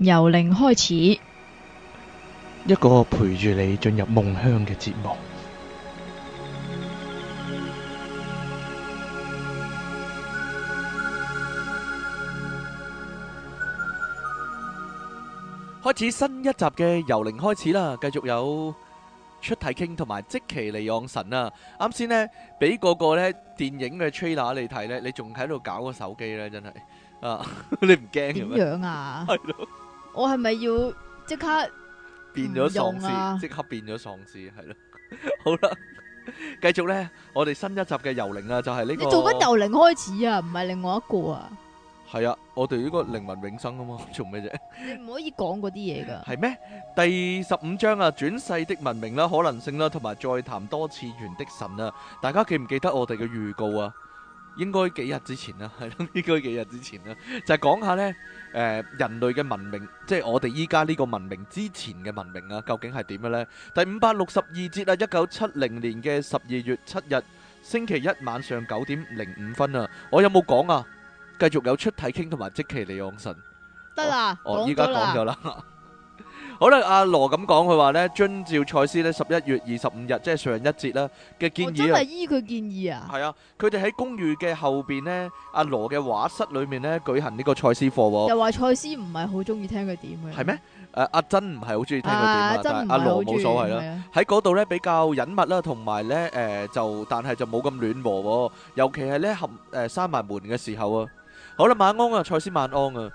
由零開始，一個陪住你進入夢鄉嘅節目。開始新一集嘅由零開始啦，繼續有出體傾同埋即其利昂神啊！啱先咧，俾個個咧電影嘅 trailer 嚟睇咧，你仲喺度搞個手機咧，真係啊！你唔驚嘅咩？點樣啊？係咯。我係咪要即刻變咗喪屍？即刻變咗喪屍係咯，好啦，繼續咧，我哋新一集嘅遊靈啊，就係呢個。你做緊遊靈開始啊？唔係另外一個啊？係啊，我哋呢個靈魂永生啊嘛，做咩啫？你唔可以講嗰啲嘢噶。係咩？第十五章啊，轉世的文明啦，可能性啦，同埋再談多次元的神啊，大家記唔記得我哋嘅預告啊？應該幾日之前啦，係咯，應該幾日之前啦，就係、是、講下呢誒、呃，人類嘅文明，即係我哋依家呢個文明之前嘅文明啊，究竟係點嘅呢？第五百六十二節啊，一九七零年嘅十二月七日星期一晚上九點零五分啊，我有冇講啊？繼續有出體傾同埋即奇利盎神，得啦了，我依家講咗啦。好啦，阿羅咁講，佢話咧遵照賽斯咧十一月二十五日即係上一節啦嘅建議啊，真係依佢建議啊。係啊，佢哋喺公寓嘅後邊咧，阿羅嘅畫室裏面咧舉行呢個賽斯課。又話賽斯唔係好中意聽佢點嘅。係咩？誒，阿珍唔係好中意聽佢點啊，但係阿羅冇所謂啦。喺嗰度咧比較隱密啦，同埋咧誒就但係就冇咁暖和，尤其係咧合誒閂埋門嘅時候啊。好啦，晚安啊，賽斯晚安啊。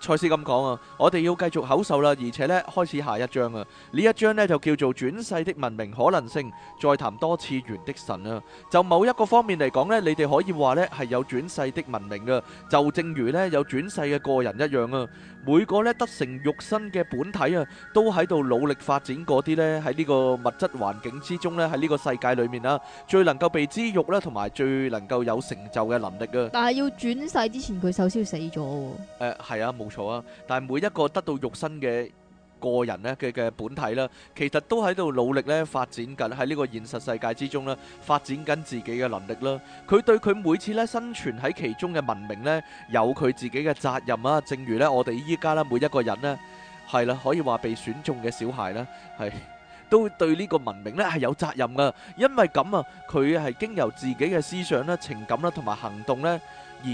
賽斯咁講啊，我哋要繼續口授啦，而且咧開始下一章啊。呢一章咧就叫做轉世的文明、可能性，再談多次元的神啊。就某一個方面嚟講咧，你哋可以話咧係有轉世的文明噶，就正如咧有轉世嘅個人一樣啊。每個咧得成肉身嘅本體啊，都喺度努力發展嗰啲咧喺呢個物質環境之中咧喺呢個世界裏面啦，最能夠被知肉咧同埋最能夠有成就嘅能力啊！但係要轉世之前，佢首先要死咗喎。誒係啊，冇錯啊，但係每一個得到肉身嘅。個人咧佢嘅本體啦，其實都喺度努力咧發展緊喺呢個現實世界之中啦，發展緊自己嘅能力啦。佢對佢每次咧生存喺其中嘅文明咧，有佢自己嘅責任啊。正如咧我哋依家咧每一個人咧，係啦可以話被選中嘅小孩啦，係都對呢個文明咧係有責任噶。因為咁啊，佢係經由自己嘅思想啦、情感啦同埋行動咧而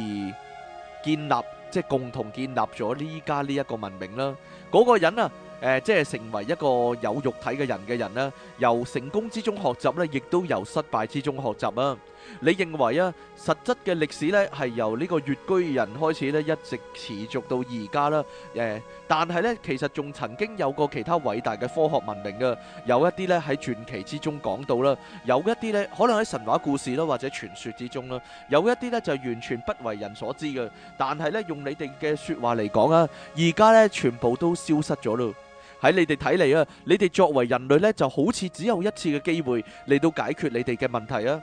建立，即係共同建立咗呢家呢一個文明啦。嗰個人啊！誒，即係成為一個有肉體嘅人嘅人咧，由成功之中學習咧，亦都由失敗之中學習啊！你認為啊，實質嘅歷史咧係由呢個穴居人開始咧，一直持續到而家啦。誒，但係咧，其實仲曾經有過其他偉大嘅科學文明嘅，有一啲咧喺傳奇之中講到啦，有一啲咧可能喺神話故事啦或者傳說之中啦，有一啲咧就完全不為人所知嘅。但係咧，用你哋嘅説話嚟講啊，而家咧全部都消失咗咯。喺你哋睇嚟啊，你哋作為人類呢，就好似只有一次嘅機會嚟到解決你哋嘅問題啊。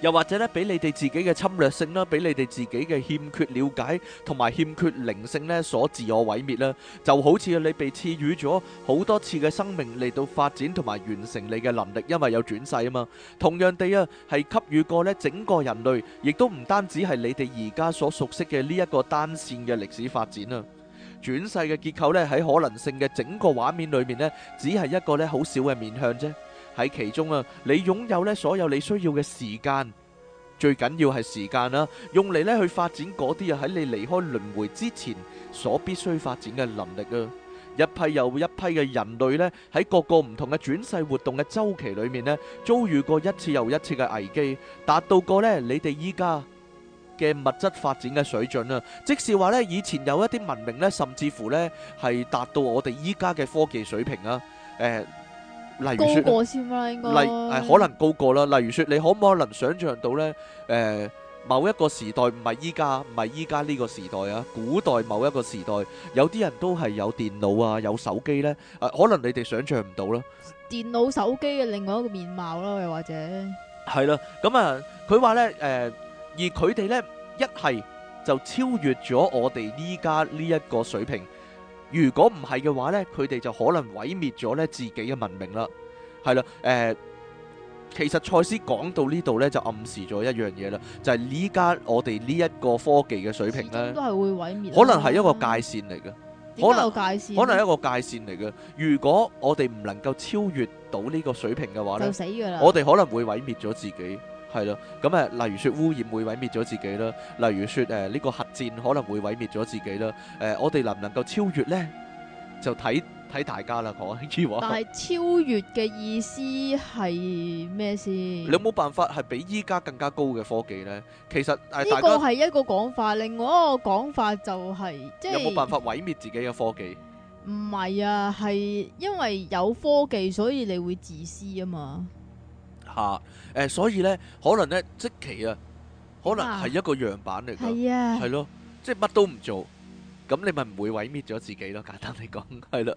又或者呢，俾你哋自己嘅侵略性啦，俾你哋自己嘅欠缺了解同埋欠缺靈性呢，所自我毀滅啦。就好似你被賜予咗好多次嘅生命嚟到發展同埋完成你嘅能力，因為有轉世啊嘛。同樣地啊，係給予過呢，整個人類，亦都唔單止係你哋而家所熟悉嘅呢一個單線嘅歷史發展啊。轉世嘅結構呢，喺可能性嘅整個畫面裏面呢，只係一個呢好少嘅面向啫。喺其中啊，你擁有呢所有你需要嘅時間，最緊要係時間啦，用嚟，呢去發展嗰啲啊喺你離開輪迴之前所必須發展嘅能力啊。一批又一批嘅人類呢，喺各個唔同嘅轉世活動嘅周期裏面呢，遭遇過一次又一次嘅危機，達到過呢你哋依家，嘅物質發展嘅水準啊，即是話咧，以前有一啲文明咧，甚至乎咧係達到我哋依家嘅科技水平啊！誒，例如說，高過先啦，應該，誒，可能高過啦。例如說，你可唔可能想象到咧？誒，某一個時代唔係依家，唔係依家呢個時代啊，古代某一個時代，有啲人都係有電腦啊，有手機咧，誒，可能你哋想象唔到啦。電腦、手機嘅另外一個面貌囉，又或者係啦，咁啊，佢話咧，誒。而佢哋呢，一係就超越咗我哋呢家呢一個水平，如果唔係嘅話呢，佢哋就可能毀滅咗呢自己嘅文明啦。係啦，誒、呃，其實賽斯講到呢度呢，就暗示咗一樣嘢啦，就係呢家我哋呢一個科技嘅水平咧，都係會毀滅，可能係一個界線嚟嘅，可能界可能係一個界線嚟嘅。如果我哋唔能夠超越到呢個水平嘅話呢，就死咗啦，我哋可能會毀滅咗自己。係咯，咁誒、嗯，例如說污染會毀滅咗自己啦，例如說誒呢、呃這個核戰可能會毀滅咗自己啦，誒、呃，我哋能唔能夠超越呢？就睇睇大家啦，可？ 但係超越嘅意思係咩先？你有冇辦法係比依家更加高嘅科技呢？其實呢個係一個講法，另外一個講法就係、是、即係有冇辦法毀滅自己嘅科技？唔係啊，係因為有科技所以你會自私啊嘛。下，誒、啊，所以咧，可能咧，即期啊，可能係一個樣板嚟㗎，係咯、啊，即係乜都唔做，咁你咪唔會毀滅咗自己咯，簡單嚟講，係啦。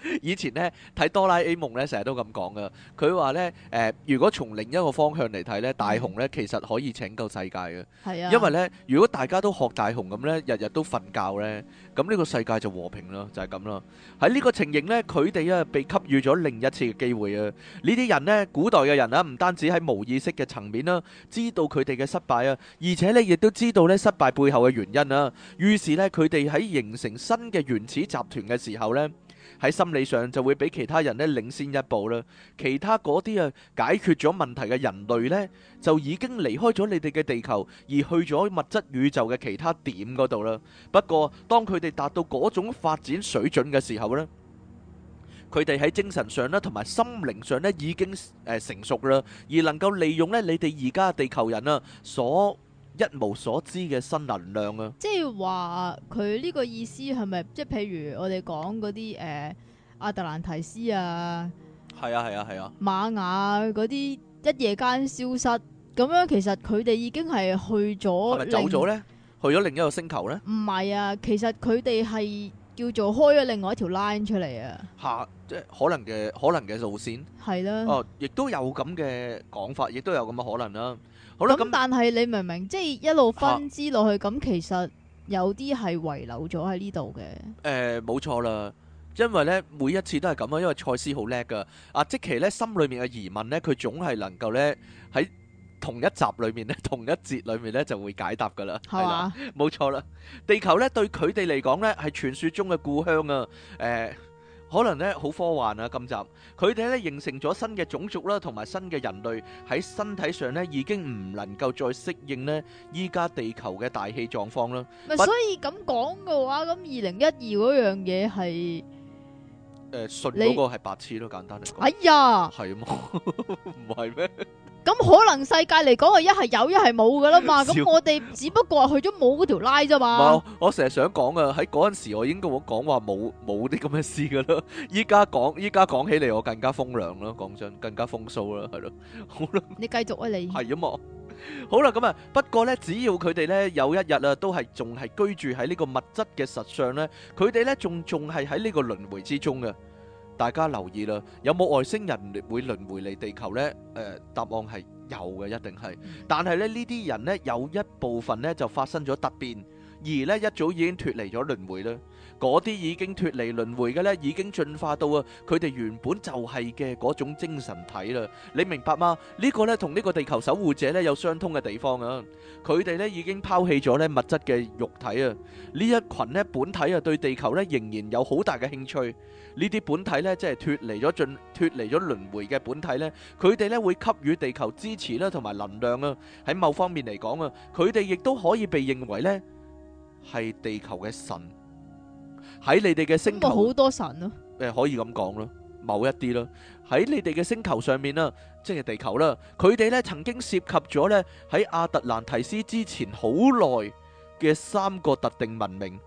以前呢，睇《哆啦 A 夢》呢，成日都咁講噶。佢話呢，誒、呃，如果從另一個方向嚟睇呢，大雄呢其實可以拯救世界嘅。是啊、因為呢，如果大家都學大雄咁呢，日日都瞓覺呢，咁、這、呢個世界就和平咯，就係咁咯。喺呢個情形呢，佢哋啊被給予咗另一次嘅機會啊。呢啲人呢，古代嘅人啊，唔單止喺無意識嘅層面啦，知道佢哋嘅失敗啊，而且呢，亦都知道呢，失敗背後嘅原因啦。於是呢，佢哋喺形成新嘅原始集團嘅時候呢。喺心理上就會比其他人咧領先一步啦。其他嗰啲啊解決咗問題嘅人類咧，就已經離開咗你哋嘅地球而去咗物質宇宙嘅其他點嗰度啦。不過，當佢哋達到嗰種發展水準嘅時候咧，佢哋喺精神上咧同埋心靈上咧已經誒成熟啦，而能夠利用咧你哋而家嘅地球人啊所一無所知嘅新能量啊！即係話，佢呢個意思係咪即係譬如我哋講嗰啲誒阿特蘭提斯啊，係啊係啊係啊瑪雅嗰啲一夜間消失咁樣，其實佢哋已經係去咗，係咪走咗咧？去咗另一個星球咧？唔係啊，其實佢哋係叫做開咗另外一條 line 出嚟啊！吓，即係可能嘅可能嘅路線係啦。哦，亦都有咁嘅講法，亦都有咁嘅可能啦。好啦，咁但係你明唔明？即係一路分支落去，咁其實有啲係遺留咗喺呢度嘅。誒，冇錯啦，因為咧每一次都係咁啊，因為賽斯好叻噶。阿即其咧心裏面嘅疑問咧，佢總係能夠咧喺同一集裏面咧，同一節裏面咧就會解答噶啦。係啦，冇錯啦，地球咧對佢哋嚟講咧係傳說中嘅故鄉啊。誒。可能咧好科幻啊！今集佢哋咧形成咗新嘅種族啦，同埋新嘅人類喺身體上咧已經唔能夠再適應呢，依家地球嘅大氣狀況啦。是但 所以咁講嘅話，咁二零一二嗰樣嘢係誒順嗰個係白痴咯，簡單嚟講。哎呀，係啊是嗎？唔係咩？咁可能世界嚟講係一係有一係冇噶啦嘛，咁我哋只不過係去咗冇嗰條拉啫嘛。唔係，我成日想講啊，喺嗰陣時我應該冇講話冇冇啲咁嘅事噶咯。依家講，依家講起嚟我更加風涼啦，講真更加風騷啦，係咯，好啦。你繼續啊，你係啊嘛。好啦，咁啊，不過咧，只要佢哋咧有一日啊，都係仲係居住喺呢個物質嘅實相咧，佢哋咧仲仲係喺呢個輪回之中嘅。大家留意啦，有冇外星人會輪迴嚟地球呢？誒、呃，答案係有嘅，一定係。但係咧，呢啲人呢，有一部分呢就發生咗突變，而呢一早已經脫離咗輪迴啦。嗰啲已經脫離輪迴嘅咧，已經進化到啊，佢哋原本就係嘅嗰種精神體啦。你明白嗎？呢個咧同呢個地球守護者咧有相通嘅地方啊。佢哋咧已經拋棄咗咧物質嘅肉體啊。呢一群咧本體啊，對地球咧仍然有好大嘅興趣。呢啲本體咧，即係脫離咗進脫離咗輪迴嘅本體咧，佢哋咧會給予地球支持啦，同埋能量啊。喺某方面嚟講啊，佢哋亦都可以被認為咧係地球嘅神。喺你哋嘅星球，好多神咯。誒，可以咁講咯，某一啲咯，喺你哋嘅星球上面啦，即係地球啦，佢哋咧曾經涉及咗咧喺阿特蘭提斯之前好耐嘅三個特定文明。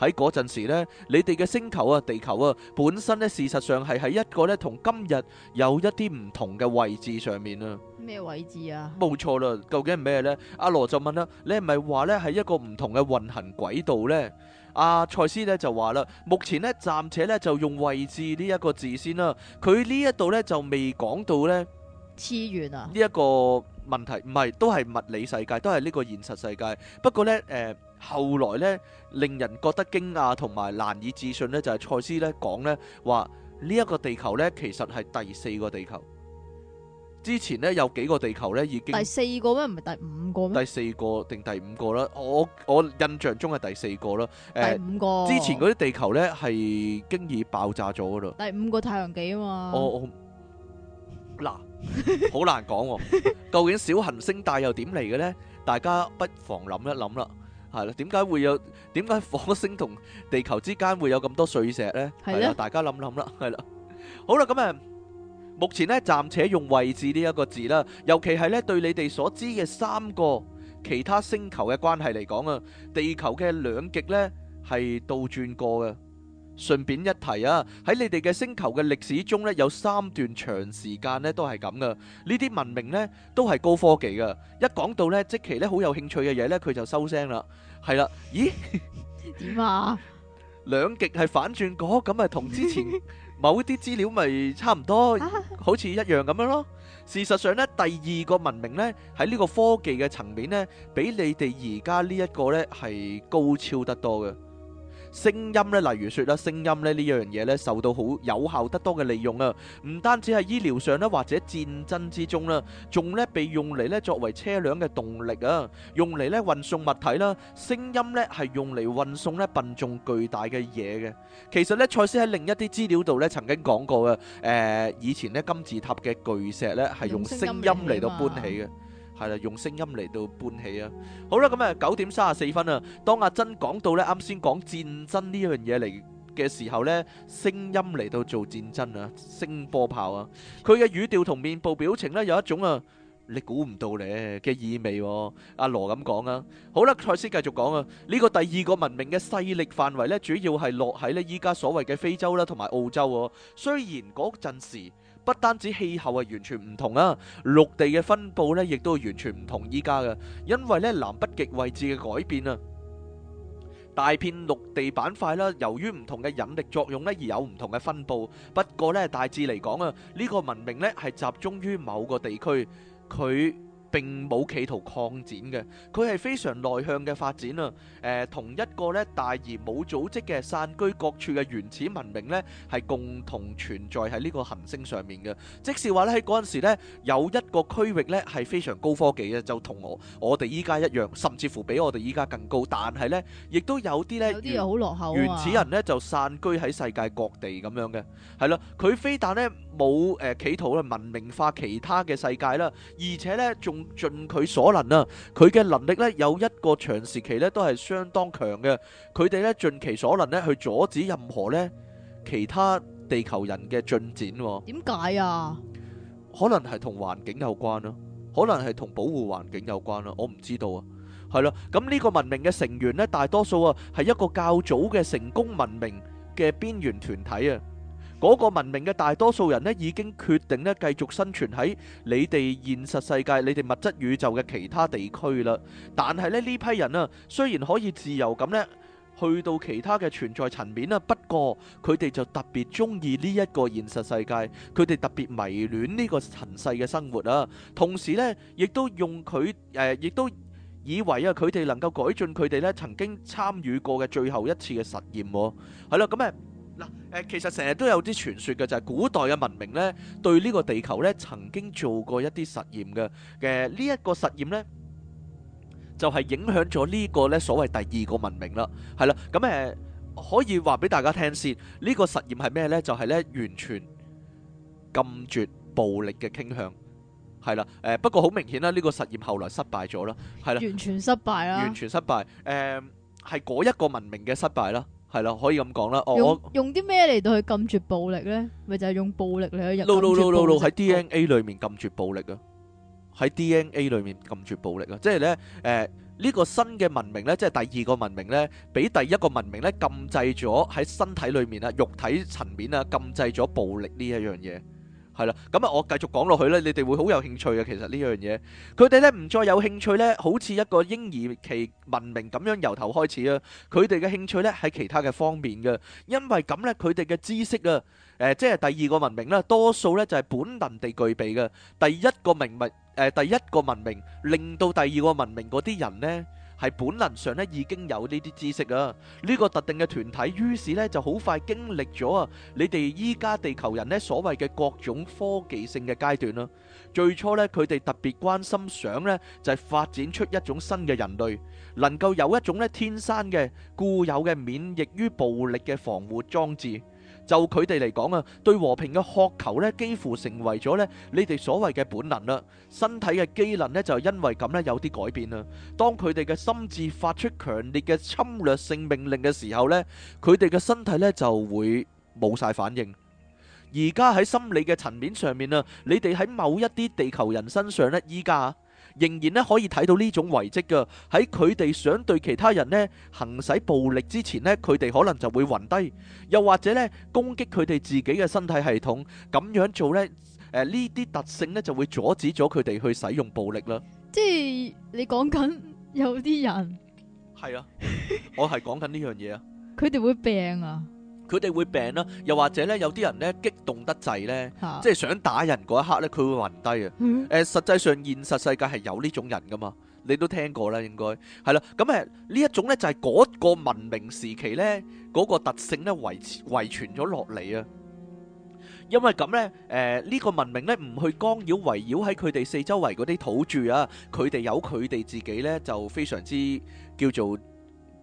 喺嗰陣時咧，你哋嘅星球啊，地球啊，本身咧事實上係喺一個咧同今日有一啲唔同嘅位置上面啊。咩位置啊？冇錯啦，究竟係咩咧？阿羅就問啦，你係咪話咧喺一個唔同嘅運行軌道咧？阿蔡、啊、斯咧就話啦，目前咧暫且咧就用位置呢一個字先啦，佢呢一度咧就未講到咧，次元啊，呢一個問題唔係都係物理世界，都係呢個現實世界。不過咧，誒、呃、後來咧，令人覺得驚訝同埋難以置信咧，就係、是、蔡斯咧講咧話呢一個地球咧，其實係第四個地球。之前咧有幾個地球咧已經第四個咩？唔係第五個咩？第四個定第五個啦？我我印象中係第四個啦。呃、第五個之前嗰啲地球咧係經已爆炸咗㗎喇。第五個太陽紀啊嘛。哦，嗱，好 難講，啊，究竟小行星帶又點嚟嘅咧？大家不妨諗一諗啦。係啦，點解會有？點解火星同地球之間會有咁多碎石咧？係啦的，大家諗諗啦。係啦，好啦，咁啊。目前呢暫且用位置呢一個字啦，尤其係呢對你哋所知嘅三個其他星球嘅關係嚟講啊，地球嘅兩極呢係倒轉過嘅。順便一提啊，喺你哋嘅星球嘅歷史中呢，有三段長時間呢都係咁噶。呢啲文明呢都係高科技噶。一講到呢，即期呢好有興趣嘅嘢呢，佢就收聲啦。係啦，咦？點啊？兩極係反轉過，咁咪同之前？某啲資料咪差唔多，啊、好似一樣咁樣咯。事實上咧，第二個文明咧喺呢個科技嘅層面咧，比你哋而家呢一個咧係高超得多嘅。聲音咧，例如説啦，聲音咧呢樣嘢咧受到好有效得多嘅利用啊！唔單止係醫療上咧，或者戰爭之中啦，仲咧被用嚟咧作為車輛嘅動力啊，用嚟咧運送物體啦。聲音咧係用嚟運送咧笨重巨大嘅嘢嘅。其實咧，賽斯喺另一啲資料度咧曾經講過啊。誒、呃、以前咧金字塔嘅巨石咧係用聲音嚟到搬起嘅。係啦，用聲音嚟到搬起啊！好啦，咁啊九點三十四分啊，當阿珍講到呢啱先講戰爭呢樣嘢嚟嘅時候呢，聲音嚟到做戰爭啊，聲波炮啊，佢嘅語調同面部表情呢，有一種啊，你估唔到咧嘅意味、啊，阿、啊、羅咁講啊！好啦，賽斯繼續講啊，呢、呢個第二個文明嘅勢力範圍呢，主要係落喺呢依家所謂嘅非洲啦、啊，同埋澳洲喎、啊。雖然嗰陣時。不單止氣候係完全唔同啊，陸地嘅分布呢亦都完全唔同依家嘅，因為呢南北極位置嘅改變啊，大片陸地板塊啦，由於唔同嘅引力作用呢，而有唔同嘅分布。不過呢，大致嚟講啊，呢個文明呢係集中於某個地區，佢。並冇企圖擴展嘅，佢係非常內向嘅發展啊！誒，同一個咧大而冇組織嘅散居各處嘅原始文明咧，係共同存在喺呢個行星上面嘅。即係話咧喺嗰陣時咧有一個區域咧係非常高科技嘅，就同我我哋依家一樣，甚至乎比我哋依家更高。但係咧，亦都有啲咧啲好落後原始人咧就散居喺世界各地咁樣嘅，係咯。佢非但咧冇誒企圖咧文明化其他嘅世界啦，而且咧仲。盡佢所能啊！佢嘅能力咧有一個長時期咧都係相當強嘅。佢哋咧盡其所能咧去阻止任何咧其他地球人嘅進展。點解啊？可能係同環境有關咯，可能係同保護環境有關啦。我唔知道啊。係啦，咁呢個文明嘅成員咧，大多數啊係一個較早嘅成功文明嘅邊緣團體啊。嗰個文明嘅大多數人咧，已經決定咧繼續生存喺你哋現實世界、你哋物質宇宙嘅其他地區啦。但係咧呢批人啊，雖然可以自由咁咧去到其他嘅存在層面啦，不過佢哋就特別中意呢一個現實世界，佢哋特別迷戀呢個塵世嘅生活啊。同時呢，亦都用佢誒，亦、呃、都以為啊，佢哋能夠改進佢哋咧曾經參與過嘅最後一次嘅實驗、啊。係、嗯、啦，咁誒。嗱，誒，其實成日都有啲傳說嘅，就係、是、古代嘅文明呢，對呢個地球呢曾經做過一啲實驗嘅，嘅呢一個實驗呢，就係、是、影響咗呢個呢所謂第二個文明啦，係啦，咁、呃、誒可以話俾大家聽先，呢、這個實驗係咩呢？就係、是、呢完全禁絕暴力嘅傾向，係啦，誒、呃，不過好明顯啦，呢個實驗後來失敗咗啦，係啦，完全失敗啦，完全失敗，誒、呃，係嗰一個文明嘅失敗啦。係啦，可以咁講啦。哦，用用啲咩嚟到去禁絕暴力咧？咪就係用暴力嚟去入。路路路路路喺 DNA 裏面禁絕暴力啊！喺 DNA 裏面禁絕暴力啊！即係咧，誒，呢個新嘅文明咧，即係第二個文明咧，畀第一個文明咧禁制咗喺身體裏面啊，肉體層面啊，禁制咗暴力呢一樣嘢。係啦，咁啊、嗯，我繼續講落去咧，你哋會好有興趣嘅。其實呢樣嘢，佢哋咧唔再有興趣咧，好似一個嬰兒期文明咁樣由頭開始啦。佢哋嘅興趣咧喺其他嘅方面嘅，因為咁咧，佢哋嘅知識啊，誒、呃，即係第二個文明咧，多數咧就係本能地具備嘅。第一個文明，誒、呃，第一個文明令到第二個文明嗰啲人咧。係本能上咧，已經有呢啲知識啊！呢個特定嘅團體，於是咧就好快經歷咗啊！你哋依家地球人咧所謂嘅各種科技性嘅階段啦。最初咧，佢哋特別關心想咧就係發展出一種新嘅人類，能夠有一種咧天生嘅固有嘅免疫於暴力嘅防護裝置。就佢哋嚟講啊，對和平嘅渴求咧，幾乎成為咗咧你哋所謂嘅本能啦。身體嘅機能咧就係因為咁咧有啲改變啦。當佢哋嘅心智發出強烈嘅侵略性命令嘅時候咧，佢哋嘅身體咧就會冇晒反應。而家喺心理嘅層面上面啊，你哋喺某一啲地球人身上咧，依家。仍然咧可以睇到呢種遺跡噶，喺佢哋想對其他人咧行使暴力之前咧，佢哋可能就會暈低，又或者咧攻擊佢哋自己嘅身體系統，咁樣做咧，誒呢啲特性咧就會阻止咗佢哋去使用暴力啦。即係你講緊有啲人，係啊，我係講緊呢樣嘢啊，佢哋會病啊。佢哋會病啦、啊，又或者咧，有啲人咧激動得滯咧，啊、即係想打人嗰一刻咧，佢會暈低啊。誒、嗯呃，實際上現實世界係有呢種人噶嘛，你都聽過啦，應該係啦。咁誒呢一種咧就係、是、嗰個文明時期咧嗰、那個特性咧遺遺傳咗落嚟啊。因為咁咧，誒、呃、呢、這個文明咧唔去干擾圍繞喺佢哋四周圍嗰啲土著啊，佢哋有佢哋自己咧就非常之叫做。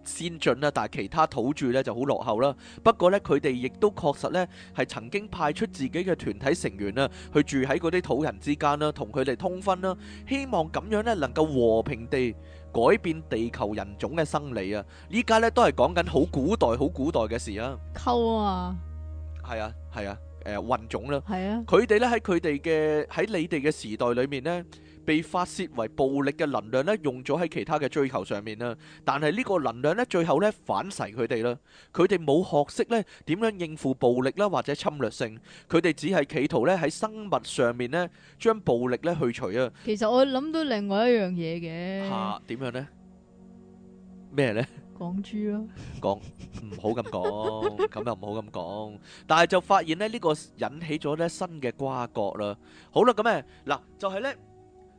先進啦，但係其他土著咧就好落後啦。不過咧，佢哋亦都確實咧係曾經派出自己嘅團體成員啊，去住喺嗰啲土人之間啦，同佢哋通婚啦，希望咁樣咧能夠和平地改變地球人種嘅生理啊！依家咧都係講緊好古代、好古代嘅事啊。溝啊，係啊，係啊，誒混種啦，係啊，佢哋咧喺佢哋嘅喺你哋嘅時代裏面咧。被發洩為暴力嘅能量咧，用咗喺其他嘅追求上面啦。但係呢個能量咧，最後咧反噬佢哋啦。佢哋冇學識咧點樣應付暴力啦，或者侵略性。佢哋只係企圖咧喺生物上面咧將暴力咧去除啊。其實我諗到另外一樣嘢嘅。吓，點樣咧？咩咧？講豬咯，講唔好咁講，咁又唔好咁講。但係就發現咧呢個引起咗咧新嘅瓜葛啦。好啦，咁誒嗱就係咧。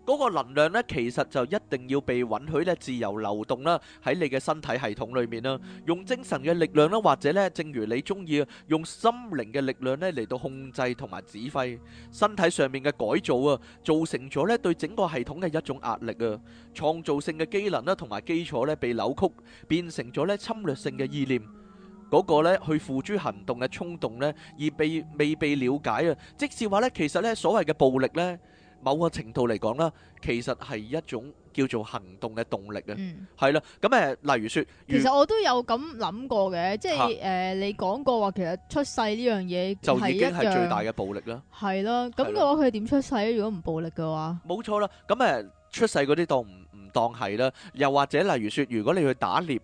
嗰個能量咧，其實就一定要被允許咧自由流動啦，喺你嘅身體系統裏面啦，用精神嘅力量咧，或者咧，正如你中意用心靈嘅力量咧嚟到控制同埋指揮身體上面嘅改造啊，造成咗咧對整個系統嘅一種壓力啊，創造性嘅機能咧同埋基礎咧被扭曲，變成咗咧侵略性嘅意念，嗰個咧去付諸行動嘅衝動咧，而被未被了解啊，即是話咧，其實咧所謂嘅暴力咧。某個程度嚟講啦，其實係一種叫做行動嘅動力，嗯，係啦。咁誒、呃，例如説，如其實我都有咁諗過嘅，即係誒、啊呃，你講過話其實出世呢樣嘢已經係最大嘅暴力啦。係咯，咁嘅話佢點出世咧？如果唔暴力嘅話，冇錯啦。咁誒、呃，出世嗰啲當唔唔當係啦？又或者例如説，如果你去打獵。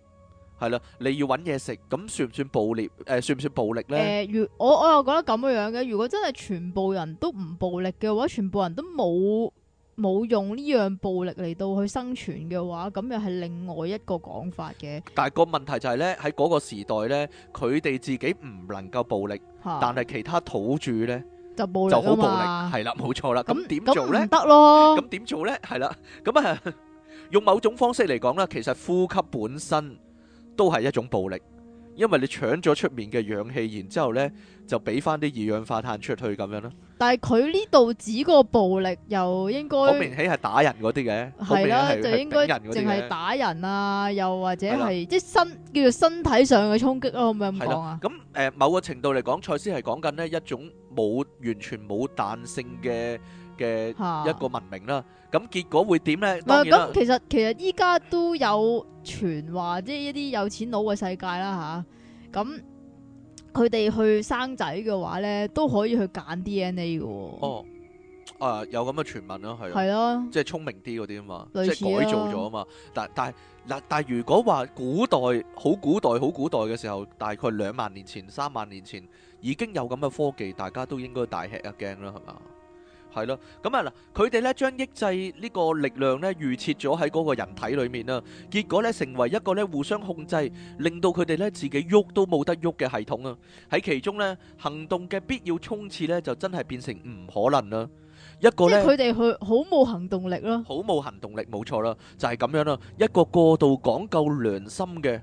係啦，你要揾嘢食咁、呃，算唔算暴力？誒，算唔算暴力呢？呃、如我我又覺得咁樣嘅。如果真係全部人都唔暴力嘅話，全部人都冇冇用呢樣暴力嚟到去生存嘅話，咁又係另外一個講法嘅。但係個問題就係、是、呢，喺嗰個時代呢，佢哋自己唔能夠暴力，哈但係其他土著呢，就暴力，就好暴力，係啦，冇錯啦。咁點、嗯、做呢？唔得、嗯嗯嗯、咯。咁點做呢？係啦，咁啊，用某種方式嚟講咧，其實呼吸本身。都係一種暴力，因為你搶咗出面嘅氧氣，然之後呢就俾翻啲二氧化碳出去咁樣咯。但係佢呢度指個暴力又應該，明顯係打人嗰啲嘅，係啦、啊、就應該淨係打，打人啊，又或者係即係、啊、身叫做身體上嘅沖擊咯。咁樣係啦。咁、啊呃、某個程度嚟講，賽斯係講緊呢一種冇完全冇彈性嘅。嘅一個文明啦，咁結果會點咧？唔咁、嗯，其實其實依家都有傳話，即係一啲有錢佬嘅世界啦，吓、啊，咁佢哋去生仔嘅話咧，都可以去揀 DNA 嘅。哦，啊，有咁嘅傳聞咯，係，係咯、啊，即係聰明啲嗰啲啊嘛，似即係改造咗啊嘛。啊但但嗱但係如果話古代好古代好古代嘅時候，大概兩萬年前、三萬年前已經有咁嘅科技，大家都應該大吃一驚啦，係嘛？係咯，咁啊嗱，佢哋咧將抑制呢個力量咧預設咗喺嗰個人體裏面啊，結果咧成為一個咧互相控制，令到佢哋咧自己喐都冇得喐嘅系統啊。喺其中咧行動嘅必要衝刺咧就真係變成唔可能啦。一個咧，佢哋去好冇行動力咯，好冇行動力，冇錯啦，就係咁樣啦。一個過度講究良心嘅。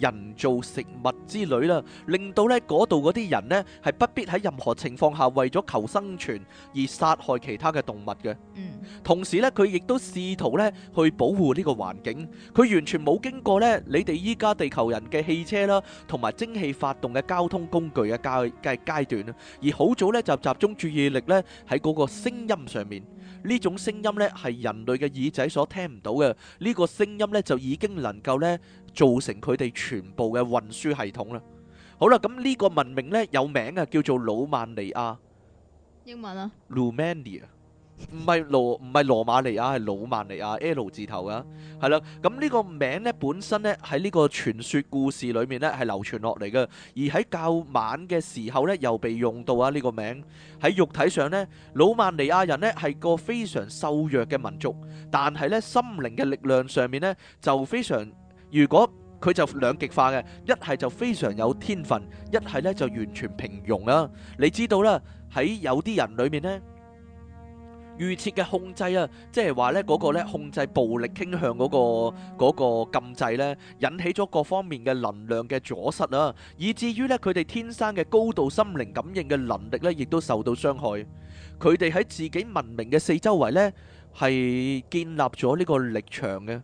人造食物之類啦，令到咧嗰度嗰啲人咧係不必喺任何情況下為咗求生存而殺害其他嘅動物嘅。嗯，同時咧佢亦都試圖咧去保護呢個環境，佢完全冇經過咧你哋依家地球人嘅汽車啦，同埋蒸汽發動嘅交通工具嘅交嘅階段，而好早呢就集中注意力咧喺嗰個聲音上面。呢種聲音咧係人類嘅耳仔所聽唔到嘅，呢個聲音咧就已經能夠咧造成佢哋全部嘅運輸系統啦。好啦，咁呢個文明咧有名啊，叫做魯曼尼亞。英文啊。Romania。唔係羅，唔係羅馬尼亞，係老曼尼亞 L 字頭噶，係啦。咁呢個名咧本身咧喺呢個傳說故事裏面咧係流傳落嚟嘅，而喺較晚嘅時候咧又被用到啊呢個名。喺肉體上咧，老曼尼亞人咧係個非常瘦弱嘅民族，但係咧心靈嘅力量上面咧就非常，如果佢就兩極化嘅，一係就非常有天分，一係咧就完全平庸啊。你知道啦，喺有啲人裏面咧。預設嘅控制啊，即係話咧嗰個咧控制暴力傾向嗰個嗰個禁制咧，引起咗各方面嘅能量嘅阻塞啊，以至於咧佢哋天生嘅高度心靈感應嘅能力咧，亦都受到傷害。佢哋喺自己文明嘅四周圍咧，係建立咗呢個力場嘅。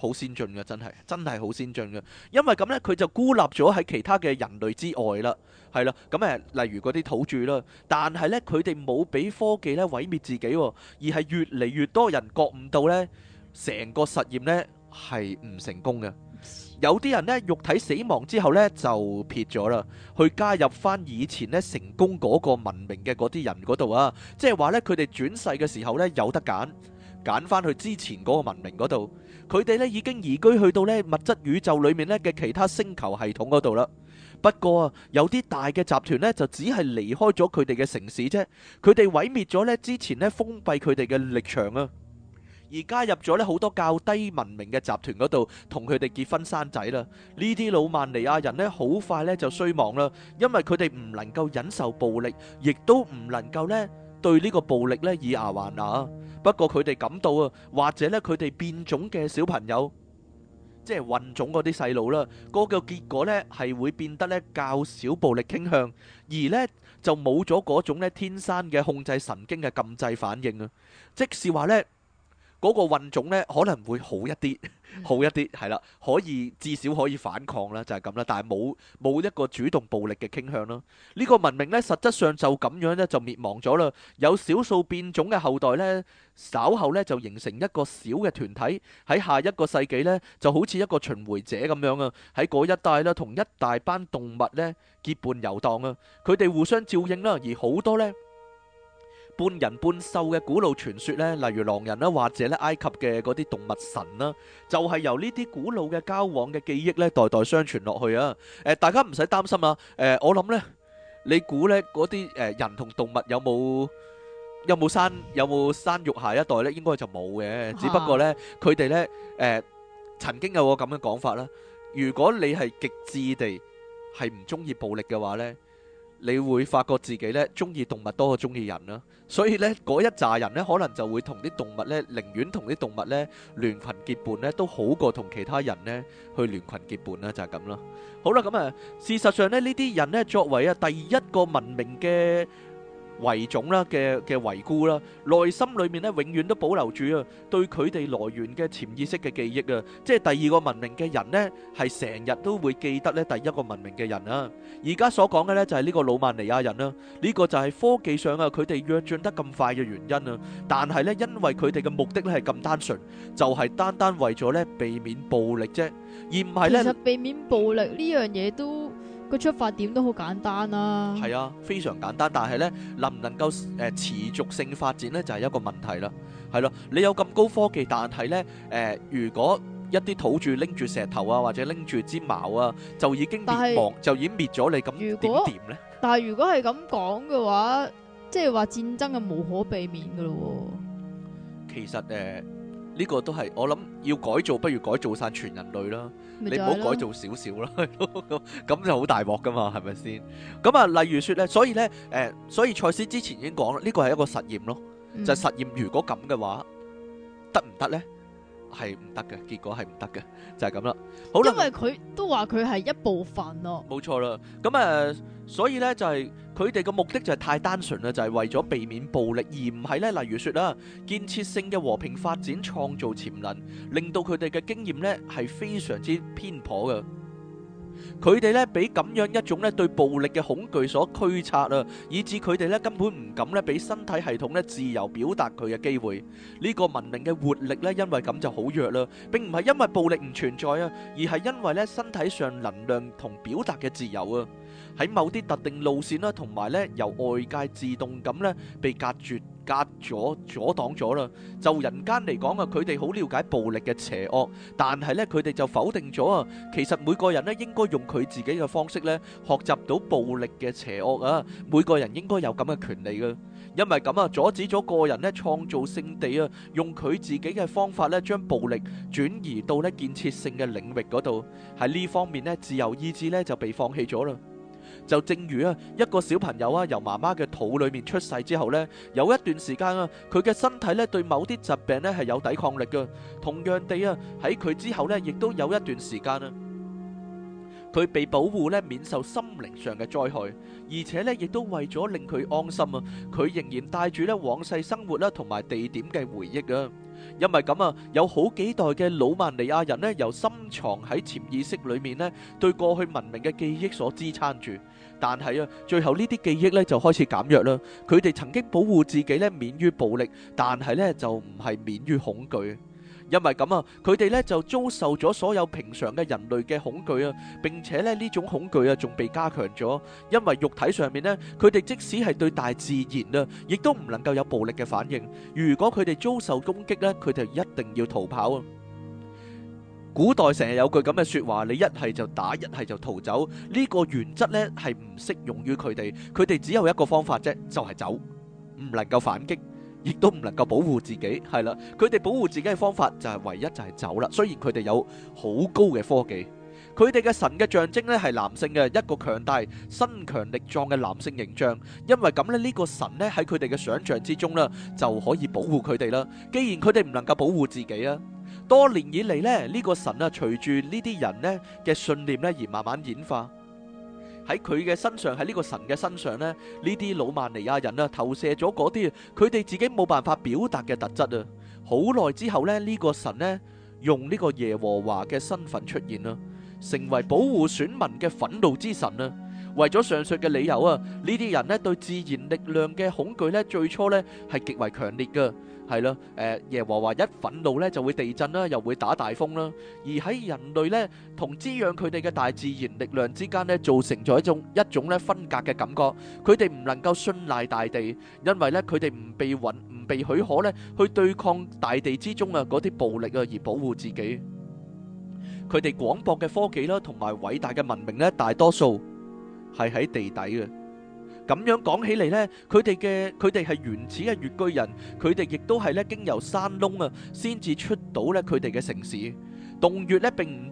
好先進嘅，真係真係好先進嘅，因為咁呢，佢就孤立咗喺其他嘅人類之外啦，係啦，咁誒，例如嗰啲土著啦，但係呢，佢哋冇俾科技呢毀滅自己，而係越嚟越多人覺悟到呢，成個實驗呢係唔成功嘅，有啲人呢肉體死亡之後呢就撇咗啦，去加入翻以前呢成功嗰個文明嘅嗰啲人嗰度啊，即係話呢佢哋轉世嘅時候呢有得揀，揀翻去之前嗰個文明嗰度。佢哋咧已經移居去到咧物質宇宙裏面咧嘅其他星球系統嗰度啦。不過有啲大嘅集團呢，就只係離開咗佢哋嘅城市啫。佢哋毀滅咗咧之前咧封閉佢哋嘅力場啊，而加入咗咧好多較低文明嘅集團嗰度，同佢哋結婚生仔啦。呢啲老曼尼亞人呢，好快呢就衰亡啦，因為佢哋唔能夠忍受暴力，亦都唔能夠呢對呢個暴力呢以牙還牙。不過佢哋感到啊，或者呢，佢哋變種嘅小朋友，即係混種嗰啲細路啦，嗰個嘅結果呢係會變得呢較少暴力傾向，而呢就冇咗嗰種呢天生嘅控制神經嘅禁制反應啊，即是話呢。嗰個混種咧可能會好一啲，好一啲係啦，可以至少可以反抗啦，就係咁啦，但係冇冇一個主動暴力嘅傾向啦。呢、這個文明呢，實質上就咁樣呢，就滅亡咗啦。有少數變種嘅後代呢，稍後呢，就形成一個小嘅團體，喺下一個世紀呢，就好似一個巡回者咁樣啊，喺嗰一帶啦，同一大班動物呢結伴遊蕩啊，佢哋互相照應啦，而好多呢。半人半獸嘅古老傳說咧，例如狼人啦，或者咧埃及嘅嗰啲動物神啦，就係由呢啲古老嘅交往嘅記憶咧，代代相傳落去啊！誒，大家唔使擔心啦，誒，我諗咧，你估咧嗰啲誒人同動物有冇有冇生有冇生育下一代咧？應該就冇嘅，只不過咧，佢哋咧誒曾經有個咁嘅講法啦。如果你係極致地係唔中意暴力嘅話咧，你會發覺自己呢中意動物多過中意人啦，啊，所以呢，嗰一紮人呢，可能就會同啲動物呢，寧願同啲動物呢，聯群結伴呢，都好過同其他人呢，去聯群結伴啦，啊，就係咁啦。好啦，咁、嗯、啊事實上呢，呢啲人呢，作為啊第一個文明嘅。遺種啦嘅嘅遺孤啦，內心裏面咧永遠都保留住啊，對佢哋來源嘅潛意識嘅記憶啊，即係第二個文明嘅人咧，係成日都會記得咧第一個文明嘅人啦。而家所講嘅咧就係呢個魯曼尼亞人啦，呢個就係科技上啊佢哋躍進得咁快嘅原因啊。但係咧因為佢哋嘅目的咧係咁單純，就係單單為咗咧避免暴力啫，而唔係咧。其實避免暴力呢樣嘢都。個出發點都好簡單啊，係啊，非常簡單。但係呢，能唔能夠持續性發展呢？就係、是、一個問題啦。係咯、啊，你有咁高科技，但係呢，誒、呃，如果一啲土著拎住石頭啊，或者拎住支矛啊，就已經滅亡，是就已經滅咗你咁點點呢？但係如果係咁講嘅話，即係話戰爭係無可避免㗎咯、啊。其實誒。呃呢個都係我諗要改造，不如改造晒全人類啦。你唔好改造少少啦，咁 就好大鑊噶嘛，係咪先？咁啊，例如説咧，所以咧，誒、呃，所以賽斯之前已經講啦，呢個係一個實驗咯，嗯、就實驗如果咁嘅話，得唔得咧？係唔得嘅，結果係唔得嘅，就係咁啦。好，因為佢都話佢係一部分咯。冇錯啦，咁、嗯、誒，所以呢，就係佢哋嘅目的就係太單純啦，就係、是、為咗避免暴力，而唔係呢。例如說啦，建設性嘅和平發展，創造潛能，令到佢哋嘅經驗呢係非常之偏頗嘅。佢哋呢俾咁樣一種呢對暴力嘅恐懼所驅策啊，以致佢哋呢根本唔敢呢俾身體系統呢自由表達佢嘅機會。呢個文明嘅活力呢，因為咁就好弱啦，並唔係因為暴力唔存在啊，而係因為呢身體上能量同表達嘅自由啊。喺某啲特定路線啦，同埋咧由外界自動咁咧被隔絕、隔咗、阻擋咗啦。就人間嚟講啊，佢哋好了解暴力嘅邪惡，但係咧佢哋就否定咗啊。其實每個人咧應該用佢自己嘅方式咧學習到暴力嘅邪惡啊。每個人應該有咁嘅權利嘅，因為咁啊，阻止咗個人咧創造性地啊，用佢自己嘅方法咧將暴力轉移到咧建設性嘅領域嗰度。喺呢方面咧，自由意志咧就被放棄咗啦。就正如啊，一個小朋友啊，由媽媽嘅肚裏面出世之後咧，有一段時間啊，佢嘅身體咧對某啲疾病咧係有抵抗力嘅。同樣地啊，喺佢之後咧，亦都有一段時間啊，佢被保護咧免受心靈上嘅災害，而且咧亦都為咗令佢安心啊，佢仍然帶住咧往世生活啦同埋地點嘅回憶啊。因為咁啊，有好幾代嘅老曼尼亞人咧，由深藏喺潛意識裏面咧，對過去文明嘅記憶所支撐住。但係啊，最後呢啲記憶咧就開始減弱啦。佢哋曾經保護自己咧免於暴力，但係咧就唔係免於恐懼。因為咁啊，佢哋咧就遭受咗所有平常嘅人類嘅恐懼啊，並且咧呢種恐懼啊仲被加強咗。因為肉體上面咧，佢哋即使係對大自然啊，亦都唔能夠有暴力嘅反應。如果佢哋遭受攻擊咧，佢哋一定要逃跑啊。古代成日有句咁嘅說話，你一係就打，一係就逃走。呢個原則呢係唔適用於佢哋，佢哋只有一個方法啫，就係走，唔能夠反擊，亦都唔能夠保護自己。係啦，佢哋保護自己嘅方法就係唯一就係走啦。雖然佢哋有好高嘅科技，佢哋嘅神嘅象徵呢係男性嘅一個強大、身強力壯嘅男性形象。因為咁呢，呢個神呢喺佢哋嘅想象之中呢，就可以保護佢哋啦。既然佢哋唔能夠保護自己啊。多年以嚟咧，呢、這個神啊，隨住呢啲人咧嘅信念咧而慢慢演化。喺佢嘅身上，喺呢個神嘅身上咧，呢啲盧曼尼亞人啊投射咗嗰啲佢哋自己冇辦法表達嘅特質啊。好耐之後咧，呢、這個神咧用呢個耶和華嘅身份出現啦，成為保護選民嘅憤怒之神啊。為咗上述嘅理由啊，呢啲人咧對自然力量嘅恐懼咧最初咧係極為強烈噶。係咯，誒，耶和華一憤怒咧，就會地震啦，又會打大風啦。而喺人類咧，同滋養佢哋嘅大自然力量之間咧，造成咗一種一種咧分隔嘅感覺。佢哋唔能夠信賴大地，因為咧佢哋唔被允唔被許可咧去對抗大地之中啊嗰啲暴力啊，而保護自己。佢哋廣博嘅科技啦，同埋偉大嘅文明咧，大多數係喺地底嘅。咁樣講起嚟咧，佢哋嘅佢哋係原始嘅穴居人，佢哋亦都係咧經由山窿啊，先至出到咧佢哋嘅城市。洞穴咧並唔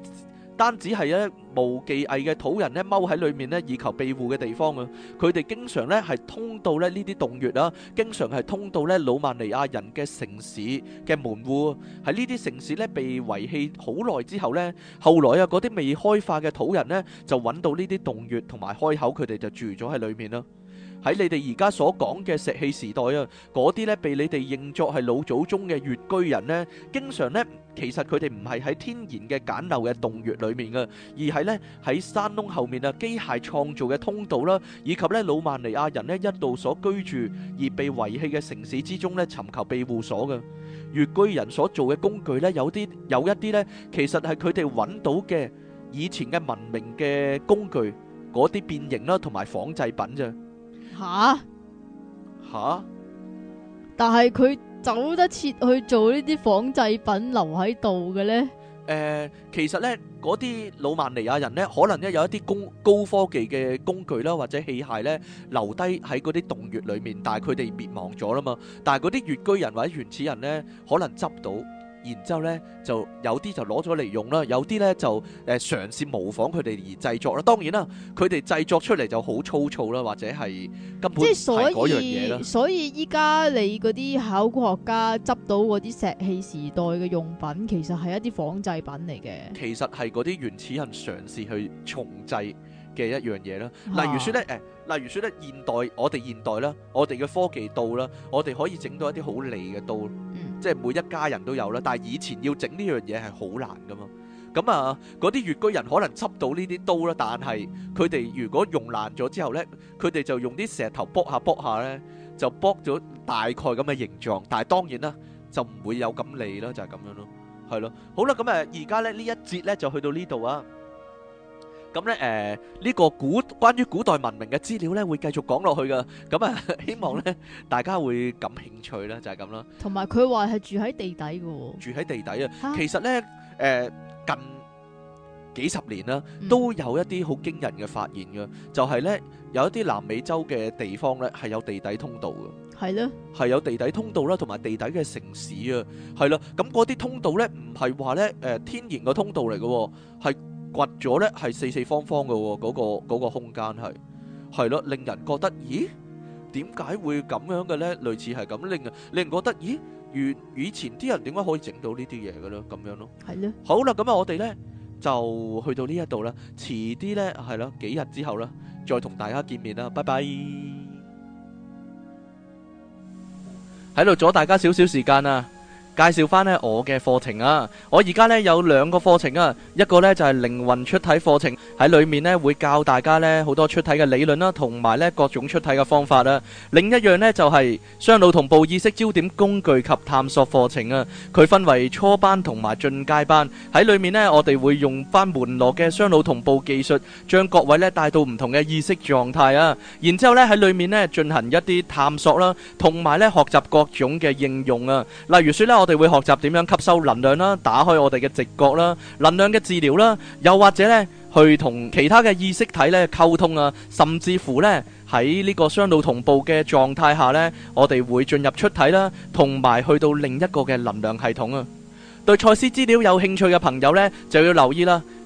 單止係一無技藝嘅土人咧踎喺裏面咧以求庇護嘅地方啊，佢哋經常咧係通到咧呢啲洞穴啦，經常係通到咧魯曼尼亞人嘅城市嘅門戶。喺呢啲城市咧被遺棄好耐之後咧，後來啊嗰啲未開化嘅土人咧就揾到呢啲洞穴同埋開口，佢哋就住咗喺裏面啦。喺你哋而家所講嘅石器時代啊，嗰啲呢被你哋認作係老祖宗嘅穴居人呢，經常呢其實佢哋唔係喺天然嘅簡陋嘅洞穴裡面嘅，而係呢喺山窿後面啊，機械創造嘅通道啦，以及呢魯曼尼亞人呢一度所居住而被遺棄嘅城市之中呢，尋求庇護所嘅穴居人所做嘅工具呢，有啲有一啲呢，其實係佢哋揾到嘅以前嘅文明嘅工具嗰啲變形啦，同埋仿製品啫。吓吓！哈但係佢走得切去做呢啲仿製品，留喺度嘅呢？誒、呃，其實呢，嗰啲魯曼尼亞人呢，可能咧有一啲工高科技嘅工具啦，或者器械呢，留低喺嗰啲洞穴裏面，但係佢哋滅亡咗啦嘛。但係嗰啲穴居人或者原始人呢，可能執到。然之後咧，就有啲就攞咗嚟用啦，有啲咧就誒嘗試模仿佢哋而製作啦。當然啦，佢哋製作出嚟就好粗糙啦，或者係根本唔係嗰樣嘢啦。即係所以，所以依家你嗰啲考古學家執到嗰啲石器時代嘅用品，其實係一啲仿製品嚟嘅。其實係嗰啲原始人嘗試去重製嘅一樣嘢啦。例如説咧，誒、啊哎，例如説咧，現代我哋現代啦，我哋嘅科技刀啦，我哋可以整到一啲好利嘅刀。嗯。即係每一家人都有啦，但係以前要整呢樣嘢係好難噶嘛。咁啊，嗰啲粵居人可能執到呢啲刀啦，但係佢哋如果用爛咗之後咧，佢哋就用啲石頭卜下卜下咧，就卜咗大概咁嘅形狀，但係當然啦，就唔會有咁利啦，就係、是、咁樣咯，係咯。好啦，咁啊，而家咧呢一節咧就去到呢度啊。咁咧，誒呢個古關於古代文明嘅資料咧，會繼續講落去嘅。咁啊，希望咧大家會感興趣啦，就係咁啦。同埋佢話係住喺地底嘅，住喺地底啊。其實咧，誒近幾十年啦，都有一啲好驚人嘅發現嘅，就係咧有一啲南美洲嘅地方咧係有地底通道嘅，係咯，係有地底通道啦，同埋地底嘅城市啊，係啦。咁嗰啲通道咧唔係話咧誒天然嘅通道嚟嘅，係。掘咗咧，係四四方方嘅喎，嗰個嗰個空間係，係咯，令人覺得，咦，點解會咁樣嘅咧？類似係咁，令，令人覺得，咦，以以前啲人點解可以整到呢啲嘢嘅咧？咁樣咯，係咧。好啦，咁啊，我哋咧就去到呢一度啦，遲啲咧係咯，幾日之後啦，再同大家見面啦，拜拜，喺度阻大家少少時間啊！介紹翻呢我嘅課程啊，我而家呢有兩個課程啊，一個呢就係靈魂出體課程，喺裏面呢會教大家呢好多出體嘅理論啦，同埋呢各種出體嘅方法啦。另一樣呢就係雙腦同步意識焦點工具及探索課程啊，佢分為初班同埋進階班，喺裏面呢我哋會用翻門羅嘅雙腦同步技術，將各位呢帶到唔同嘅意識狀態啊，然之後呢喺裏面呢進行一啲探索啦，同埋呢學習各種嘅應用啊，例如說呢我。我哋會學習點樣吸收能量啦，打開我哋嘅直覺啦，能量嘅治療啦，又或者咧去同其他嘅意識體咧溝通啊，甚至乎咧喺呢個雙腦同步嘅狀態下咧，我哋會進入出體啦，同埋去到另一個嘅能量系統啊。對賽斯資料有興趣嘅朋友咧，就要留意啦。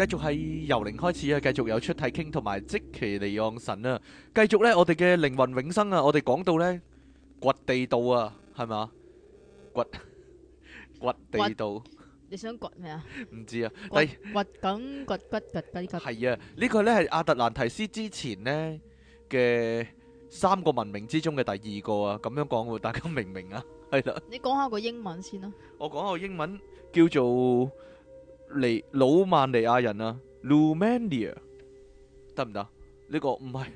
繼續係由零開始啊！繼續有出體傾同埋即奇嚟讓神啊！繼續咧，我哋嘅靈魂永生啊！我哋講到咧掘地道啊，係咪？掘掘地道，你想掘咩啊？唔知啊，掘掘緊掘掘掘啲。係啊，這個、呢個咧係亞特蘭提斯之前呢嘅三個文明之中嘅第二個啊！咁樣講，大家明唔明啊？係啦，你講下個英文先啦、啊。我講個英文叫做。嚟魯曼尼亞人啊，Lumania 得唔得？呢、呢個唔係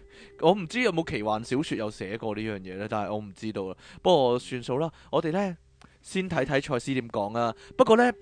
我唔知有冇奇幻小説有寫過呢樣嘢咧，但係我唔知道啦。不過算數啦，我哋咧先睇睇賽斯點講啊。不過咧，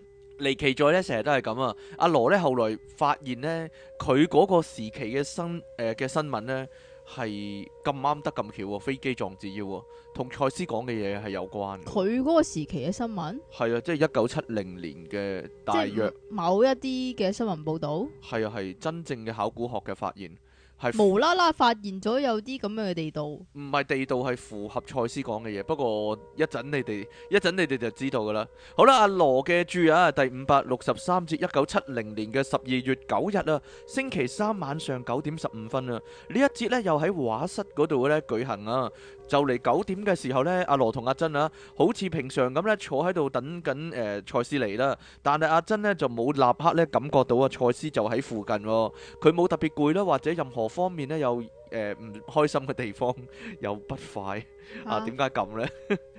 離奇在咧，成日都係咁啊。阿羅咧後來發現呢，佢嗰個時期嘅新誒嘅、呃、新聞咧。係咁啱得咁巧喎，飛機撞墜要喎，同賽斯講嘅嘢係有關。佢嗰個時期嘅新聞係啊，即係一九七零年嘅大約某一啲嘅新聞報導係啊，係真正嘅考古學嘅發現。係無啦啦發現咗有啲咁樣嘅地道，唔係地道係符合蔡司講嘅嘢。不過一陣你哋，一陣你哋就知道噶啦。好啦，阿羅嘅注啊，第五百六十三節，一九七零年嘅十二月九日啊，星期三晚上九點十五分啊，呢一節呢，又喺畫室嗰度咧舉行啊。就嚟九點嘅時候呢，阿羅同阿珍啊，好似平常咁咧坐喺度等緊誒蔡司嚟啦。但係阿珍呢，就冇立刻咧感覺到啊蔡司就喺附近喎，佢冇特別攰啦，或者任何。方面咧有誒唔、呃、開心嘅地方有不快啊？點解咁咧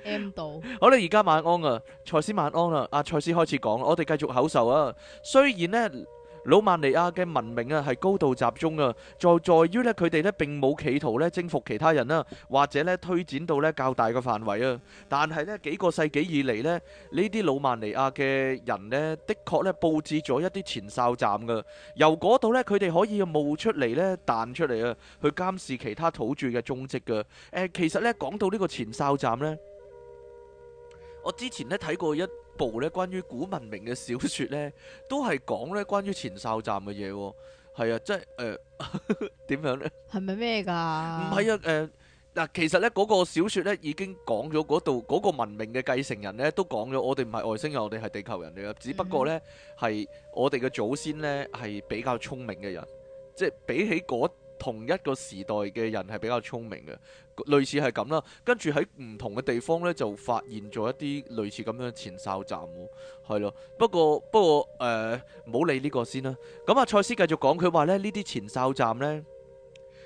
？M 到好啦，而家晚安啊，賽斯晚安啦、啊！阿、啊、賽斯開始講，我哋繼續口授啊。雖然咧。魯曼尼亞嘅文明啊，係高度集中啊，在在於咧，佢哋咧並冇企圖咧征服其他人啦，或者咧推展到咧較大嘅範圍啊。但係咧幾個世紀以嚟咧，呢啲魯曼尼亞嘅人咧，的確咧佈置咗一啲前哨站噶，由嗰度咧佢哋可以冒出嚟咧彈出嚟啊，去監視其他土著嘅蹤跡噶。誒，其實咧講到呢個前哨站咧，我之前咧睇過一部咧關於古文明嘅小說咧，都係講咧關於前哨站嘅嘢，哦。係啊，即係誒，點、呃、 樣咧呢？係咪咩噶？唔係啊，誒，嗱，其實咧嗰、嗰個小說咧已經講咗嗰度嗰個文明嘅繼承人咧，都講咗我哋唔係外星人，我哋係地球人嚟噶。只不過咧係、嗯、哼我哋嘅祖先咧係比較聰明嘅人，即係比起嗰同一個時代嘅人係比較聰明嘅。類似係咁啦，跟住喺唔同嘅地方呢，就發現咗一啲類似咁樣嘅前哨站喎，係咯。不過不過誒，唔好理呢個先啦。咁阿蔡司繼續講，佢話咧呢啲前哨站呢，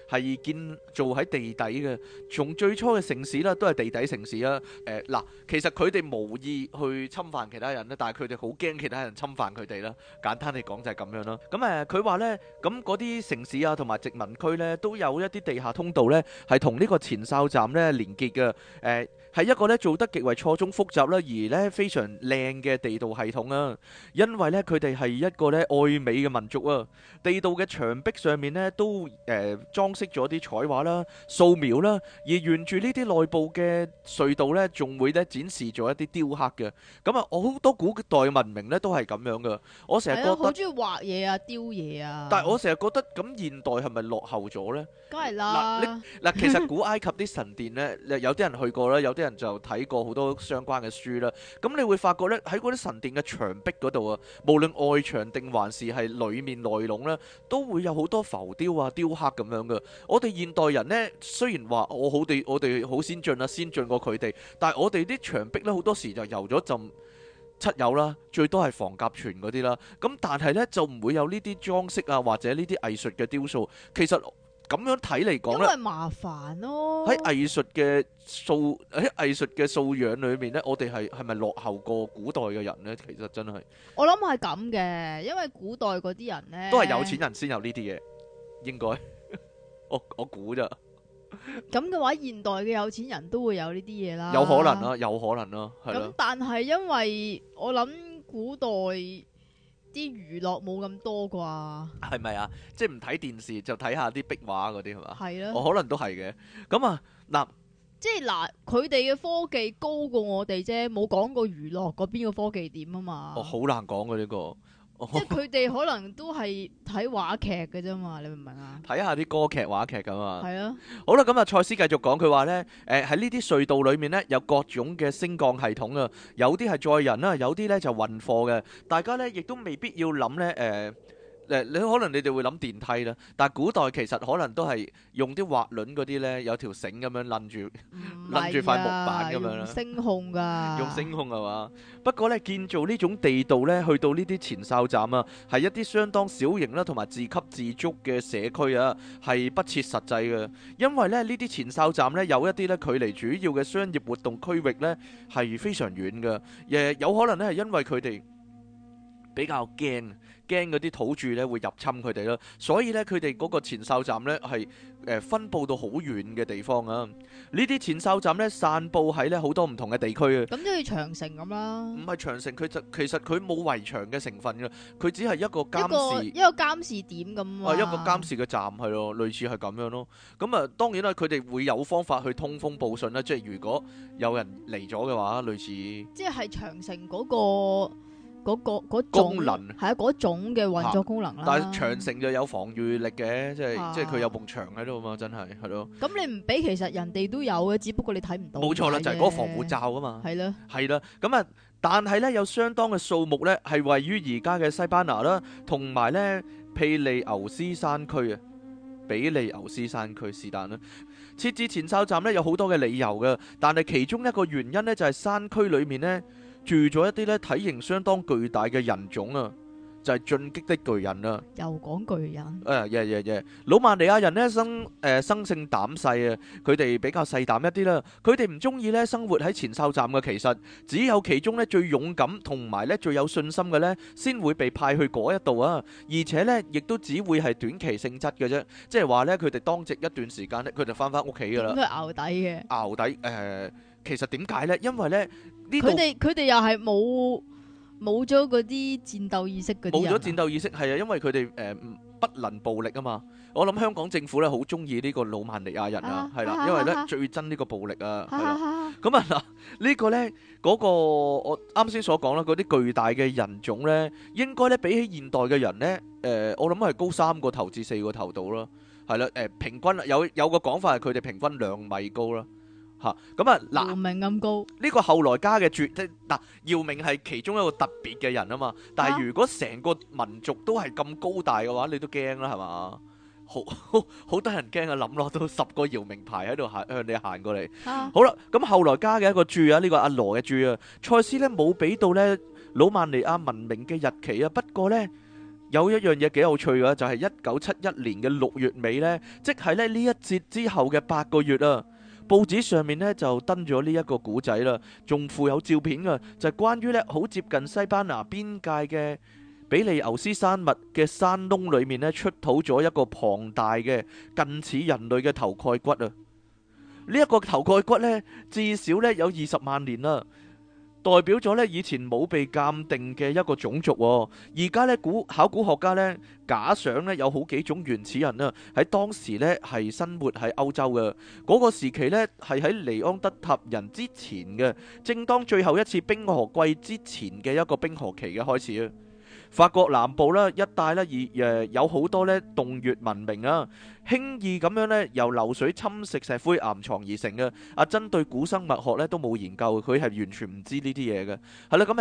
係建造喺地底嘅，從最初嘅城市咧都係地底城市啦。誒、呃、嗱，其實佢哋無意去侵犯其他人咧，但係佢哋好驚其他人侵犯佢哋啦。簡單嚟講就係咁樣啦。咁、嗯、誒，佢、呃、話呢，咁嗰啲城市啊同埋殖民區呢，都有一啲地下通道呢係同呢個前哨站咧連結嘅。誒、呃。係一個咧做得極為錯綜複雜啦，而咧非常靚嘅地道系統啊！因為咧佢哋係一個咧愛美嘅民族啊，地道嘅牆壁上面咧都誒裝飾咗啲彩畫啦、素描啦，而沿住呢啲內部嘅隧道咧，仲會咧展示咗一啲雕刻嘅。咁啊，我好多古代嘅文明咧都係咁樣噶。我成日覺得好中意畫嘢啊、雕嘢啊。但係我成日覺得咁現代係咪落後咗呢？梗係啦嗱，其實古埃及啲神殿呢，有啲人去過啦，有啲人就睇過好多相關嘅書啦。咁你會發覺呢，喺嗰啲神殿嘅牆壁嗰度啊，無論外牆定還是係裡面內籠呢，都會有好多浮雕啊、雕刻咁樣嘅。我哋現代人呢，雖然話我好哋，我哋好先進啊、先進過佢哋，但係我哋啲牆壁呢，好多時就油咗浸漆油啦，最多係防甲醛嗰啲啦。咁但係呢，就唔會有呢啲裝飾啊，或者呢啲藝術嘅雕塑，其實。咁樣睇嚟講咧，因為麻煩咯。喺藝術嘅素喺藝術嘅素養裏面呢，我哋係係咪落後過古代嘅人呢？其實真係我諗係咁嘅，因為古代嗰啲人呢，都係有錢人先有呢啲嘢，應該我我估咋？咁嘅話，現代嘅有錢人都會有呢啲嘢啦，有可能啦，有可能啦。咁但係因為我諗古代。啲娛樂冇咁多啩，係咪啊？即係唔睇電視就睇下啲壁畫嗰啲係嘛？係咯，我是的、哦、可能都係嘅。咁、嗯、啊，嗱，即係嗱，佢哋嘅科技高過我哋啫，冇講過娛樂嗰邊嘅科技點啊嘛。我好、哦、難講嘅呢個。即係佢哋可能都係睇話劇嘅啫嘛，你明唔明啊？睇下啲歌劇、話劇咁啊。係咯。好啦，咁啊，賽斯繼續講，佢話呢，誒、呃，喺呢啲隧道裏面呢，有各種嘅升降系統啊，有啲係載人啦，有啲呢就運貨嘅，大家呢亦都未必要諗呢。誒、呃。誒，你可能你哋會諗電梯啦，但係古代其實可能都係用啲滑輪嗰啲呢，有條繩咁樣攆住攆住塊木板咁樣啦。用升控㗎，用升控係咪？不過呢，建造呢種地道呢，去到呢啲前哨站啊，係一啲相當小型啦，同埋自給自足嘅社區啊，係不切實際嘅。因為呢，呢啲前哨站呢，有一啲呢距離主要嘅商業活動區域呢，係非常遠嘅。誒，有可能呢，係因為佢哋比較驚。驚嗰啲土著咧會入侵佢哋咯，所以咧佢哋嗰個前哨站咧係誒分佈到好遠嘅地方啊！呢啲前哨站咧散布喺咧好多唔同嘅地區啊！咁即係長城咁啦？唔係長城，佢就其實佢冇圍牆嘅成分噶，佢只係一個監視一個一個監視點咁啊，啊，一個監視嘅站係咯，類似係咁樣咯。咁、嗯、啊，當然啦，佢哋會有方法去通風報信啦，即係如果有人嚟咗嘅話，類似即係長城嗰個。嗰、那個種功能，係啊，嗰種嘅運作功能啦。但係長城就有防禦力嘅，即係即係佢有埲牆喺度嘛，真係係咯。咁你唔俾，其實人哋都有嘅，只不過你睇唔到。冇錯啦，就係、是、嗰個防護罩啊嘛。係咯的，係咯。咁啊，但係咧有相當嘅數目咧，係位於而家嘅西班牙啦，同埋咧比利牛斯山區啊，比利牛斯山區是但啦。設置前哨站咧有好多嘅理由噶，但係其中一個原因咧就係、是、山區裏面咧。住咗一啲咧體型相當巨大嘅人種啊，就係進擊的巨人啦。又講巨人。誒，耶耶耶，老曼尼亞人咧生誒，生性膽細啊，佢哋比較細膽一啲啦。佢哋唔中意咧生活喺前哨站嘅，其實只有其中咧最勇敢同埋咧最有信心嘅咧，先會被派去嗰一度啊。而且咧亦都只會係短期性質嘅啫，即係話咧佢哋當值一段時間咧，佢就翻翻屋企㗎喇。都係牛底嘅。牛底誒。其實點解咧？因為咧，呢度佢哋佢哋又係冇冇咗嗰啲戰鬥意識嗰啲人，冇咗戰鬥意識係啊，因為佢哋誒不能暴力啊嘛。我諗香港政府咧好中意呢個魯曼尼亞人啊，係啦，因為咧最憎呢個暴力啊，係啦。咁啊嗱，呢個咧嗰個我啱先所講啦，嗰啲巨大嘅人種咧，應該咧比起現代嘅人咧，誒，我諗係高三個頭至四個頭度啦，係啦，誒，平均有有個講法係佢哋平均兩米高啦。吓，咁啊嗱，姚明咁高，呢個後來加嘅注，即嗱，姚、啊、明係其中一個特別嘅人啊嘛。但係如果成個民族都係咁高大嘅話，你都驚啦係嘛？好好得人驚啊諗落都十個姚明牌喺度行向你行過嚟。啊、好啦，咁、嗯、後來加嘅一個注啊，呢、呢個阿羅嘅注啊，賽斯呢冇俾到呢魯曼尼亞文明嘅日期啊。不過呢，有一樣嘢幾有趣嘅，就係一九七一年嘅六月尾呢，即係咧呢一節之後嘅八個月啊。報紙上面咧就登咗呢一個古仔啦，仲附有照片嘅，就係關於咧好接近西班牙邊界嘅比利牛斯山脈嘅山窿裏面咧出土咗一個龐大嘅近似人類嘅頭蓋骨啊！呢一個頭蓋骨呢，至少呢有二十萬年啦。代表咗咧以前冇被鑑定嘅一個種族，而家咧古考古學家咧假想咧有好幾種原始人啦，喺當時咧係生活喺歐洲嘅嗰個時期咧係喺尼安德塔人之前嘅，正當最後一次冰河季之前嘅一個冰河期嘅開始啊。法國南部呢，一帶呢，以誒有好多呢洞穴文明啊，輕易咁樣呢，由流水侵蝕石灰岩床而成嘅。阿珍對古生物學呢，都冇研究，佢係完全唔知呢啲嘢嘅。係啦，咁誒，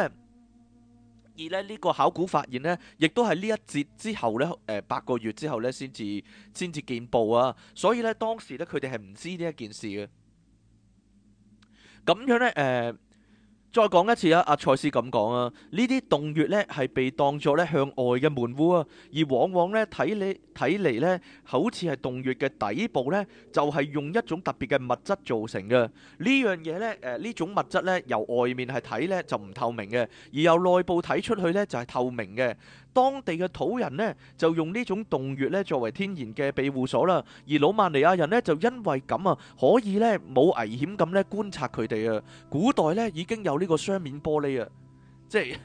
而呢呢個考古發現呢，亦都係呢一節之後呢，誒、呃、八個月之後呢，先至先至見報啊。所以呢，當時呢，佢哋係唔知呢一件事嘅。咁樣呢。誒、呃。再講一次啊！阿賽斯咁講啊，月呢啲洞穴呢係被當作呢向外嘅門戶啊，而往往呢睇你睇嚟呢，好似係洞穴嘅底部呢，就係、是、用一種特別嘅物質造成嘅。呢樣嘢呢，誒、呃、呢種物質呢，由外面係睇呢就唔透明嘅，而由內部睇出去呢，就係、是、透明嘅。當地嘅土人呢就用呢種洞穴呢作為天然嘅庇護所啦，而魯曼尼亞人呢就因為咁啊，可以呢冇危險咁呢觀察佢哋啊。古代呢已經有呢個雙面玻璃啊，即係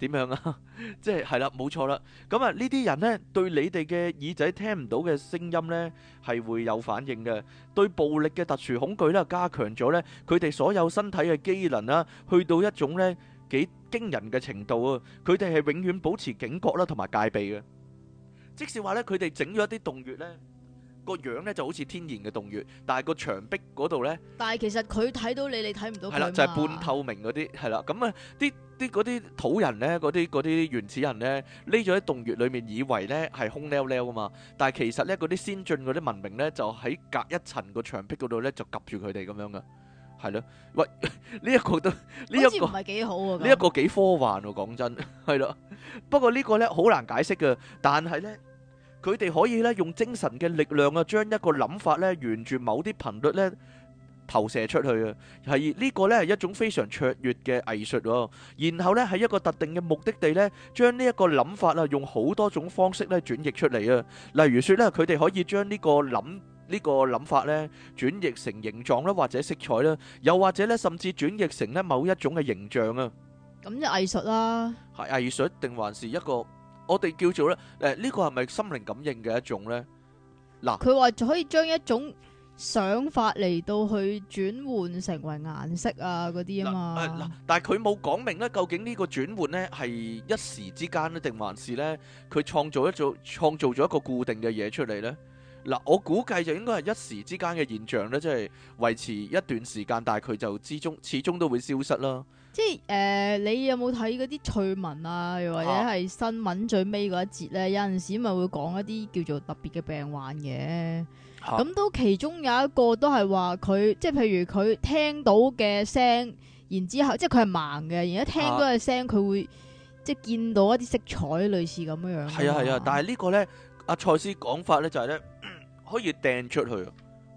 點樣啊？即係係啦，冇錯啦。咁啊呢啲人呢對你哋嘅耳仔聽唔到嘅聲音呢係會有反應嘅，對暴力嘅特殊恐懼咧加強咗呢，佢哋所有身體嘅機能啦，去到一種呢。幾驚人嘅程度啊！佢哋係永遠保持警覺啦，同埋戒備嘅。即係話咧，佢哋整咗一啲洞穴咧，個樣咧就好似天然嘅洞穴，但係個牆壁嗰度咧，但係其實佢睇到你，你睇唔到佢嘛？係啦，就係半透明嗰啲，係啦。咁啊，啲啲嗰啲土人咧，嗰啲嗰啲原始人咧，匿咗喺洞穴裏面，以為咧係空溜溜啊嘛。但係其實咧，嗰啲先進嗰啲文明咧，就喺隔一層個牆壁嗰度咧，就夾住佢哋咁樣噶。係咯，喂，呢一個都呢一個唔係幾好，呢一個幾科幻喎，講真，係咯。不過呢個呢好難解釋㗎，但係呢，佢哋可以呢用精神嘅力量啊，將一個諗法呢沿住某啲頻率呢投射出去啊。係呢個呢係一種非常卓越嘅藝術，然後呢喺一個特定嘅目的地呢，將呢一個諗法啊用好多種方式呢轉譯出嚟啊。例如說呢，佢哋可以將呢個諗。呢個諗法咧，轉譯成形狀咧，或者色彩咧，又或者咧，甚至轉譯成咧某一種嘅形象啊。咁就藝術啦，係藝術定還是一個我哋叫做咧誒？呢個係咪心靈感應嘅一種咧？嗱，佢話可以將一種想法嚟，到去轉換成為顏色啊嗰啲啊嘛。誒，但係佢冇講明咧，究竟呢個轉換咧係一時之間咧，定還是咧佢創造一種創造咗一個固定嘅嘢出嚟咧？嗱、啊，我估計就應該係一時之間嘅現象咧，即係維持一段時間，但係佢就之中始終都會消失啦。即係誒、呃，你有冇睇嗰啲趣聞啊？又或者係新聞最尾嗰一節咧？有陣時咪會講一啲叫做特別嘅病患嘅。咁、啊、都其中有一個都係話佢，即係譬如佢聽到嘅聲，然之後即係佢係盲嘅，然後聽到嘅聲佢會即係見到一啲色彩，類似咁樣樣、啊。係啊係啊，但係呢個咧，阿、啊、賽斯講法咧就係咧。就係咧就係咧可以掟出去，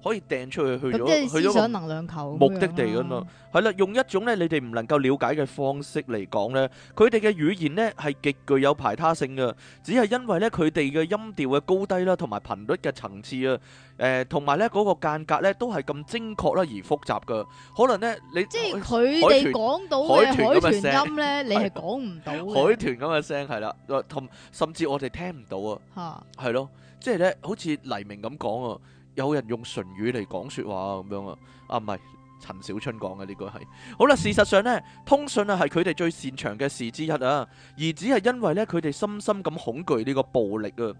可以掟出去去咗去咗個能量球目的地咁啊，係啦，用一種咧你哋唔能夠了解嘅方式嚟講咧，佢哋嘅語言咧係極具有排他性嘅，只係因為咧佢哋嘅音調嘅高低啦，同埋頻率嘅層次啊，誒，同埋咧嗰個間隔咧都係咁精確啦，而複雜噶，可能咧你即係佢哋講到嘅海豚音咧，你係講唔到海豚咁嘅聲係啦，同甚至我哋聽唔到啊吓，係咯。即係咧，好似黎明咁講啊，有人用唇語嚟講說話啊，咁樣啊，啊唔係陳小春講嘅呢個係。好啦，事實上呢，通訊啊係佢哋最擅長嘅事之一啊，而只係因為呢，佢哋深深咁恐懼呢個暴力啊，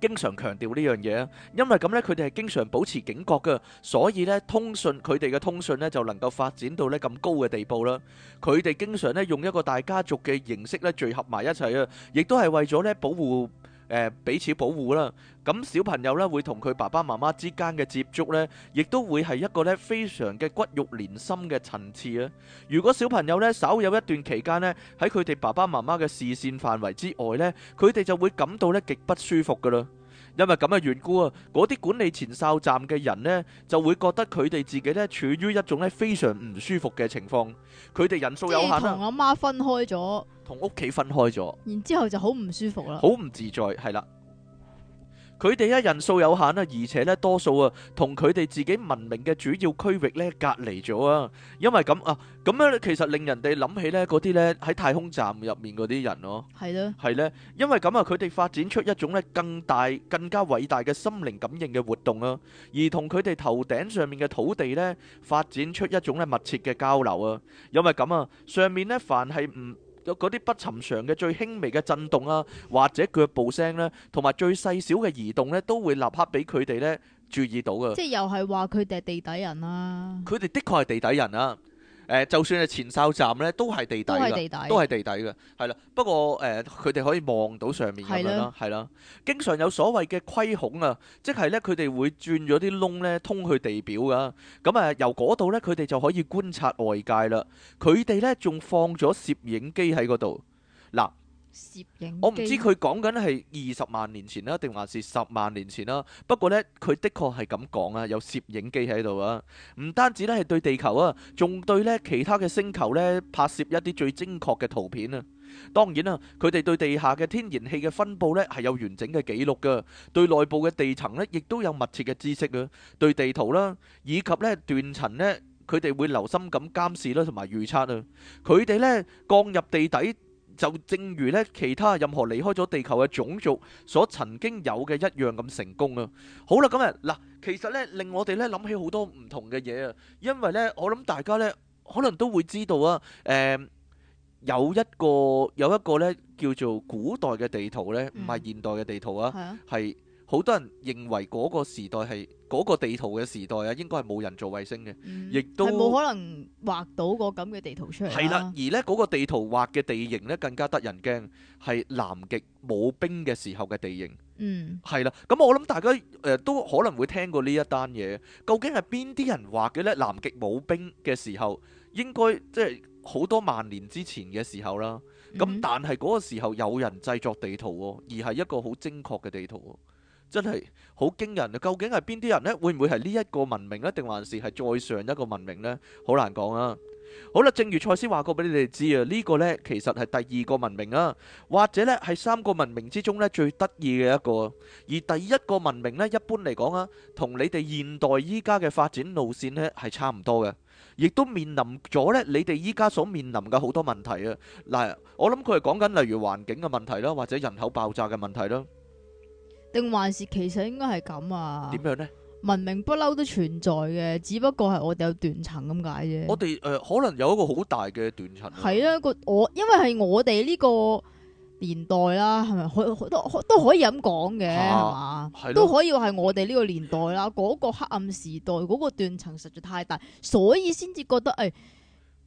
經常強調呢樣嘢啊，因為咁呢，佢哋係經常保持警覺嘅，所以呢，通訊佢哋嘅通訊呢，就能夠發展到呢咁高嘅地步啦。佢哋經常呢，用一個大家族嘅形式咧聚合埋一齊啊，亦都係為咗呢保護。誒，彼此保護啦。咁小朋友咧會同佢爸爸媽媽之間嘅接觸咧，亦都會係一個咧非常嘅骨肉連心嘅層次啊。如果小朋友咧稍有一段期間咧喺佢哋爸爸媽媽嘅視線範圍之外咧，佢哋就會感到咧極不舒服噶啦。因為咁嘅緣故啊，嗰啲管理前哨站嘅人咧就會覺得佢哋自己咧處於一種咧非常唔舒服嘅情況。佢哋人數有限啊。即係同阿媽分開咗。同屋企分開咗，然之後就好唔舒服啦，好唔自在係啦。佢哋咧人數有限啦，而且咧多數啊，同佢哋自己文明嘅主要區域咧隔離咗啊。因為咁啊，咁樣咧，其實令人哋諗起咧嗰啲咧喺太空站入面嗰啲人咯，係咯係咧。因為咁啊，佢哋發展出一種咧更大、更加偉大嘅心靈感應嘅活動啊，而同佢哋頭頂上面嘅土地咧發展出一種咧密切嘅交流啊。因為咁啊，上面咧凡係唔。有嗰啲不尋常嘅最輕微嘅震動啊，或者腳步聲咧，同埋最細小嘅移動咧，都會立刻俾佢哋咧注意到嘅。即係又係話佢哋係地底人啊，佢哋的確係地底人啊。誒、呃，就算係前哨站咧，都係地底啦，都係地底嘅，係啦。不過誒，佢、呃、哋可以望到上面咁啦，係啦的。經常有所謂嘅窺孔啊，即係咧佢哋會轉咗啲窿咧，通去地表噶。咁、啊、誒，由嗰度咧，佢哋就可以觀察外界啦。佢哋咧仲放咗攝影機喺嗰度，嗱。攝影，我唔知佢講緊係二十萬年前啦，定還是十萬年前啦。不過呢，佢的確係咁講啊，有攝影機喺度啊。唔單止呢係對地球啊，仲對呢其他嘅星球呢，拍攝一啲最精確嘅圖片啊。當然啦，佢哋對地下嘅天然氣嘅分佈呢係有完整嘅記錄噶，對內部嘅地層呢亦都有密切嘅知識啊。對地圖啦，以及呢斷層呢，佢哋會留心咁監視啦，同埋預測啊。佢哋呢降入地底，就正如咧，其他任何離開咗地球嘅種族所曾經有嘅一樣咁成功啊！好啦，咁啊嗱，其實咧令我哋咧諗起好多唔同嘅嘢啊，因為咧我諗大家咧可能都會知道啊，誒、呃、有一個有一個咧叫做古代嘅地圖咧，唔係現代嘅地圖啊，係、嗯。好多人認為嗰個時代係嗰、那個地圖嘅時代啊，應該係冇人做衛星嘅，亦、嗯、都冇可能畫到個咁嘅地圖出嚟、啊。係啦，而呢嗰、那個地圖畫嘅地形呢，更加得人驚，係南極冇冰嘅時候嘅地形。嗯，係啦。咁我諗大家誒都、呃、都可能會聽過呢一單嘢。究竟係邊啲人畫嘅呢？南極冇冰嘅時候，應該即係好多萬年之前嘅時候啦。咁但係嗰個時候有人製作地圖喎、啊，而係一個好精確嘅地圖、啊。真係好驚人啊！究竟係邊啲人呢？會唔會係呢一個文明呢？定還是係再上一個文明呢？好難講啊！好啦，正如賽斯話過俾你哋知啊，呢、這個呢其實係第二個文明啊，或者呢係三個文明之中呢最得意嘅一個。而第一個文明呢，一般嚟講啊，同你哋現代依家嘅發展路線呢係差唔多嘅，亦都面臨咗呢你哋依家所面臨嘅好多問題啊！嗱，我諗佢係講緊例如環境嘅問題啦，或者人口爆炸嘅問題啦。定還是其實應該係咁啊？點樣咧？文明不嬲都存在嘅，只不過係我哋有斷層咁解啫。我哋誒、呃，可能有一個好大嘅斷層。係啊，個我 因為係我哋呢個年代啦，係咪都可以咁講嘅，係嘛？都可以話係、啊、吧我哋呢個年代啦。嗰、那個黑暗時代嗰、那個斷層實在太大，所以先至覺得誒誒，佢、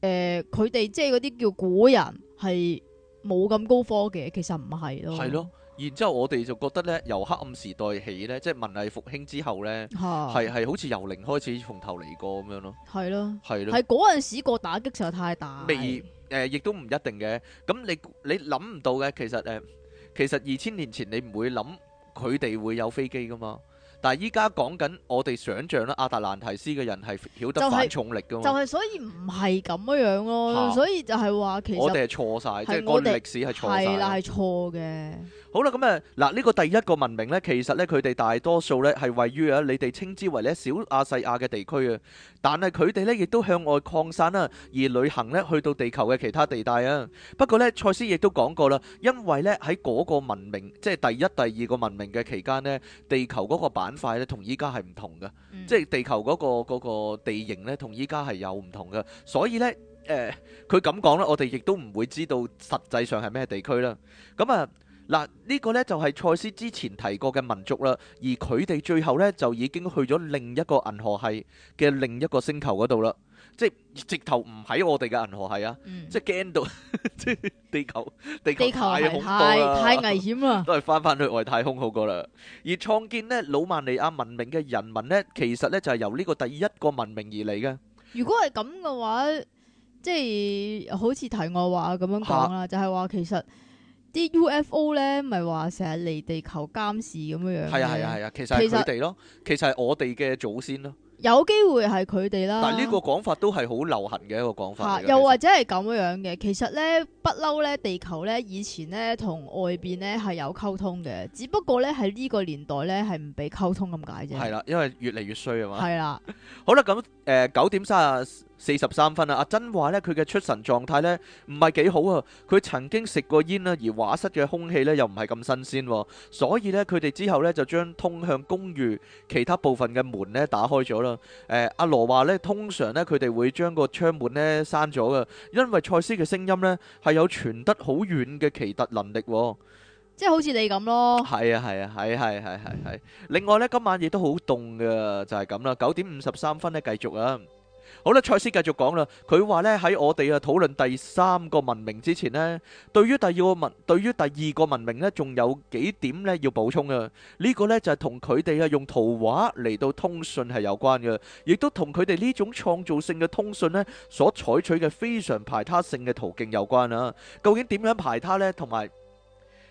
欸、哋、呃、即係嗰啲叫古人係冇咁高科嘅，其實唔係咯。係咯。然之後，我哋就覺得呢，由黑暗時代起呢，即係文藝復興之後呢，係係、啊、好似由零開始從頭嚟過咁樣咯。係咯啦，係咯。係嗰陣時個打擊實在太大。未誒、呃，亦都唔一定嘅。咁你你諗唔到嘅，其實誒、呃，其實二千年前你唔會諗佢哋會有飛機㗎嘛。嗱，依家講緊我哋想象咧，亞特蘭提斯嘅人係曉得反重力噶喎，就係所以唔係咁樣咯，所以就係話其實我哋係錯曬，即係個歷史係錯曬，係啦，係錯嘅。好啦，咁誒嗱呢個第一個文明咧，其實咧佢哋大多數咧係位於啊你哋稱之為咧小亞細亞嘅地區啊，但係佢哋咧亦都向外擴散啦，而旅行咧去到地球嘅其他地帶啊。不過咧，賽斯亦都講過啦，因為咧喺嗰個文明，即係第一、第二個文明嘅期間咧，地球嗰個板快咧，同依家係唔同嘅，嗯、即係地球嗰、嗰個、嗰個地形咧，同依家係有唔同嘅，所以咧，誒、呃，佢咁講啦，我哋亦都唔會知道實際上係咩地區啦。咁啊，嗱，呢個、呢個咧就係、係、賽斯之前提過嘅民族啦，而佢哋最後咧就已經去咗另一個銀河系嘅另一個星球嗰度啦。即係直頭唔喺我哋嘅銀河系啊！即係驚到，即係地球，地球太恐怖啦，太危險啦，都係翻翻去外太空好過啦。而創建呢老曼尼亞文明嘅人民呢，其實呢就係由呢個第一個文明而嚟嘅。如果係咁嘅話，即係好似題外話咁樣講啦，就係話其實啲 UFO 呢咪係話成日嚟地球監視咁樣。係啊係啊係啊，其實係佢哋咯，其實係我哋嘅祖先咯。有機會係佢哋啦。但，呢個講法都係好流行嘅一個講法啊。又或者係咁樣嘅。其實呢，不嬲呢，地球呢，以前呢，同外邊呢係有溝通嘅，只不過呢，喺呢個年代呢，係唔俾溝通咁解啫。係啦，因為越嚟越衰啊嘛。係啦。 好啦，咁誒九點三啊，呃四十三分啊！阿珍話咧，佢嘅出神狀態咧唔係幾好啊！佢曾經食過煙啦，而畫室嘅空氣咧又唔係咁新鮮，所以咧佢哋之後咧就將通向公寓其他部分嘅門咧打開咗啦。誒，阿羅話咧，通常咧佢哋會將個窗門咧閂咗噶，因為賽斯嘅聲音咧係有傳得好遠嘅奇特能力，即係好似你咁咯。係啊係啊係係係係係。另外咧，今晚亦都好凍噶，就係咁啦。九點五十三分咧，繼續啊！好啦，賽斯繼續講啦。佢話咧，喺我哋啊討論第三個文明之前咧，對於第二個文，對於第二個文明咧，仲有幾點咧要補充啊？呢個咧就係同佢哋啊用圖畫嚟到通訊係有關嘅，亦都同佢哋呢種創造性嘅通訊咧所採取嘅非常排他性嘅途徑有關啦。究竟點樣排他咧？同埋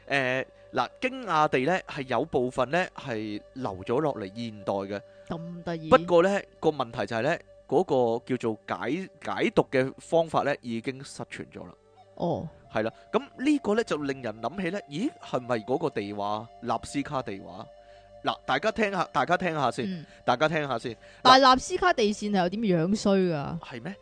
誒，嗱，驚訝地咧係有部分咧係留咗落嚟現代嘅。咁得意。不過咧，個問題就係咧。嗰個叫做解解讀嘅方法咧，已經失傳咗啦。哦、oh.，係啦，咁呢個咧就令人諗起咧，咦，係咪嗰個地話納斯卡地話？嗱，大家聽下，大家聽下先，大家聽下先。但係納斯卡地線係有點樣衰噶？係咩？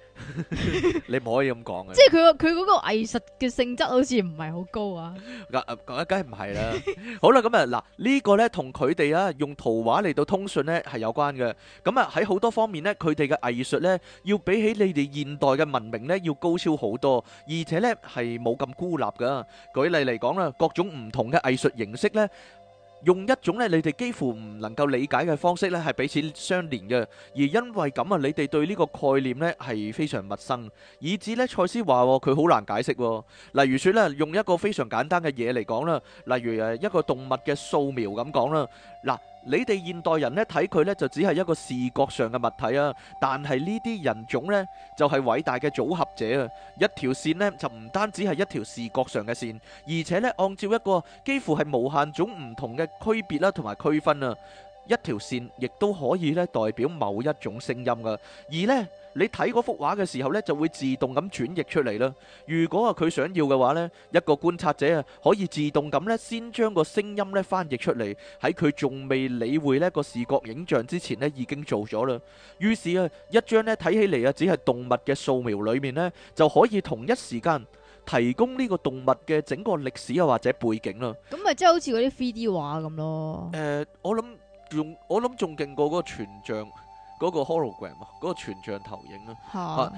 你唔可以咁講嘅。即係佢個佢嗰個藝術嘅性質好似唔係好高啊。啊，梗係唔係啦。好啦，咁啊，嗱呢個咧同佢哋啊用圖畫嚟到通訊咧係有關嘅。咁啊喺好多方面咧，佢哋嘅藝術咧要比起你哋現代嘅文明咧要高超好多，而且咧係冇咁孤立噶。舉例嚟講啦，各種唔同嘅藝術形式咧。用一種咧，你哋幾乎唔能夠理解嘅方式咧，係彼此相連嘅，而因為咁啊，你哋對呢個概念呢係非常陌生，以至呢，賽斯話佢好難解釋。例如説咧，用一個非常簡單嘅嘢嚟講啦，例如誒一個動物嘅素描咁講啦，嗱。你哋現代人呢，睇佢呢就只係一個視覺上嘅物體啊，但係呢啲人種呢，就係偉大嘅組合者啊，一條線呢，就唔單止係一條視覺上嘅線，而且呢，按照一個幾乎係無限種唔同嘅區別啦，同埋區分啊。一條線亦都可以咧，代表某一種聲音噶，而咧，你睇嗰幅畫嘅時候咧，就會自動咁轉譯出嚟啦。如果啊佢想要嘅話咧，一個觀察者啊可以自動咁咧先將個聲音咧翻譯出嚟，喺佢仲未理會咧個視覺影像之前咧已經做咗啦。於是啊一張咧睇起嚟啊只係動物嘅素描裏面咧，就可以同一時間提供呢個動物嘅整個歷史啊或者背景啦。咁咪即係好似嗰啲 3D 畫咁咯？誒，我諗。仲我諗仲勁過嗰個全像嗰，那個 hologram 啊，嗰個全像投影的啊，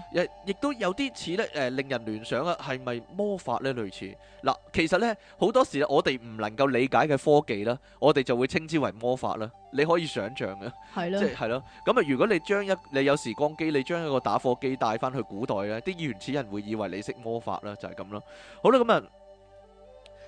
亦都有啲似咧，誒、呃、令人聯想啊，係咪魔法咧類似？嗱，其實咧好多時我哋唔能夠理解嘅科技啦，我哋就會稱之為魔法啦。你可以想象嘅，係咯的，即係咯。咁啊，如果你將一你有時光機，你將一個打火機帶翻去古代咧，啲原始人會以為你識魔法啦，就係、是、咁啦。好啦，咁啊。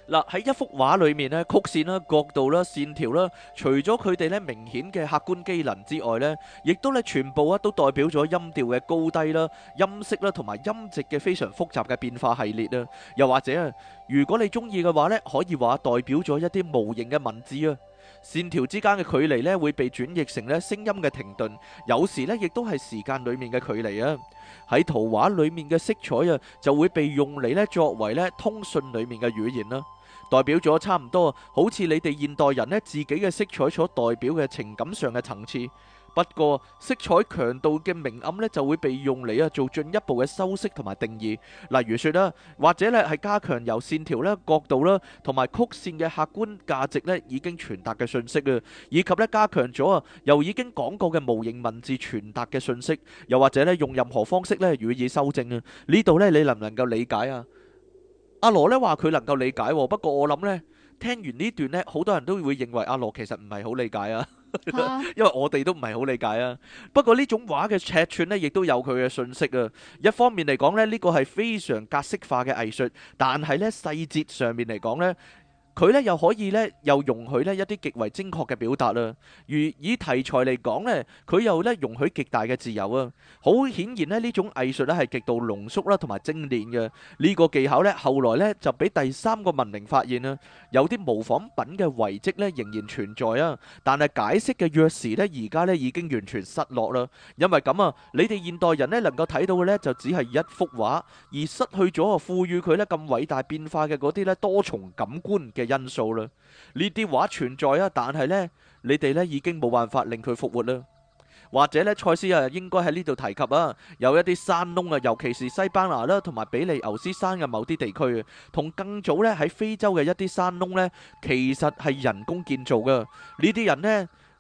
嗱，喺一幅畫裏面咧，曲線啦、角度啦、線條啦，除咗佢哋咧明顯嘅客觀機能之外咧，亦都咧全部啊都代表咗音調嘅高低啦、音色啦同埋音值嘅非常複雜嘅變化系列啦。又或者啊，如果你中意嘅話咧，可以話代表咗一啲無形嘅文字啊。線條之間嘅距離咧會被轉譯成咧聲音嘅停頓，有時咧亦都係時間裏面嘅距離啊。喺圖畫裏面嘅色彩啊就會被用嚟咧作為咧通訊裏面嘅語言啦。代表咗差唔多，好似你哋現代人咧自己嘅色彩所代表嘅情感上嘅層次。不過色彩強度嘅明暗咧就會被用嚟啊做進一步嘅修飾同埋定義。例如說啦，或者咧係加強由線條咧角度啦同埋曲線嘅客觀價值咧已經傳達嘅信息啊，以及咧加強咗啊由已經講過嘅模型文字傳達嘅信息，又或者咧用任何方式咧予以修正啊，呢度咧你能唔能夠理解啊？阿羅呢話佢能夠理解，不過我諗呢，聽完呢段呢，好多人都會認為阿羅其實唔係好理解啊，因為我哋都唔係好理解啊。不過呢種畫嘅尺寸呢，亦都有佢嘅信息啊。一方面嚟講呢，呢個係非常格式化嘅藝術，但係呢細節上面嚟講呢。佢咧又可以咧又容許咧一啲極為精確嘅表達啦，如以題材嚟講咧，佢又咧容許極大嘅自由啊！好顯然咧，呢種藝術咧係極度濃縮啦同埋精煉嘅。呢個技巧咧，後來咧就俾第三個文明發現啦，有啲模仿品嘅遺跡咧仍然存在啊，但係解釋嘅鑰匙咧而家咧已經完全失落啦。因為咁啊，你哋現代人咧能夠睇到嘅咧就只係一幅畫，而失去咗賦予佢咧咁偉大變化嘅嗰啲咧多重感官嘅因素啦，呢啲畫存在啊，但係呢，你哋呢已經冇辦法令佢復活啦。或者呢，賽斯啊，應該喺呢度提及啊，有一啲山窿啊，尤其是西班牙啦、啊，同埋比利牛斯山嘅某啲地區啊，同更早呢，喺非洲嘅一啲山窿呢，其實係人工建造嘅。呢啲人呢。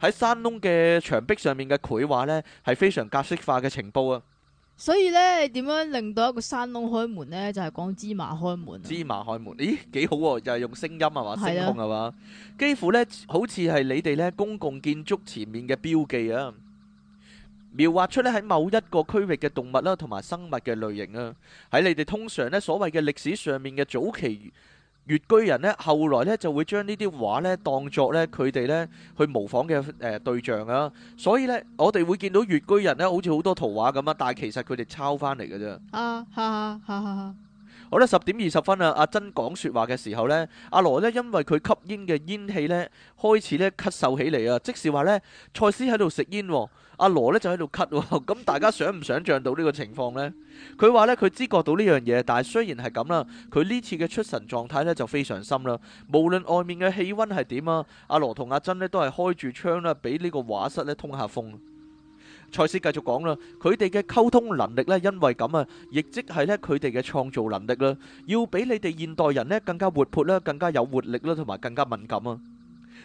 喺山窿嘅牆壁上面嘅繪畫呢，係非常格式化嘅情報啊！所以呢，點樣令到一個山窿開門呢？就係、是、講芝麻開門、啊。芝麻開門，咦，幾好、啊，又係用聲音啊嘛，聲控啊嘛，啊幾乎呢，好似係你哋呢公共建築前面嘅標記啊，描畫出呢喺某一個區域嘅動物啦、啊，同埋生物嘅類型啊，喺你哋通常呢所謂嘅歷史上面嘅早期。越居人咧，後來咧就會將呢啲畫咧當作咧佢哋咧去模仿嘅誒對象啦。所以呢，我哋會見到越居人咧，好似好多圖畫咁啊。但係其實佢哋抄翻嚟嘅啫。啊， 哈哈哈哈好啦，十點二十分啦。阿珍講說話嘅時候呢，阿羅呢，因為佢吸煙嘅煙氣呢，開始咧咳嗽起嚟啊。即係話呢，賽斯喺度食煙。阿羅呢就喺度咳喎，咁大家想唔想象到呢個情況呢？佢話呢，佢知覺到呢樣嘢，但係雖然係咁啦，佢呢次嘅出神狀態呢就非常深啦。無論外面嘅氣溫係點啊，阿羅同阿珍呢都係開住窗啦，俾呢個畫室呢通下風。賽斯繼續講啦，佢哋嘅溝通能力呢，因為咁啊，亦即係呢，佢哋嘅創造能力啦，要比你哋現代人呢更加活潑啦，更加有活力啦，同埋更加敏感啊。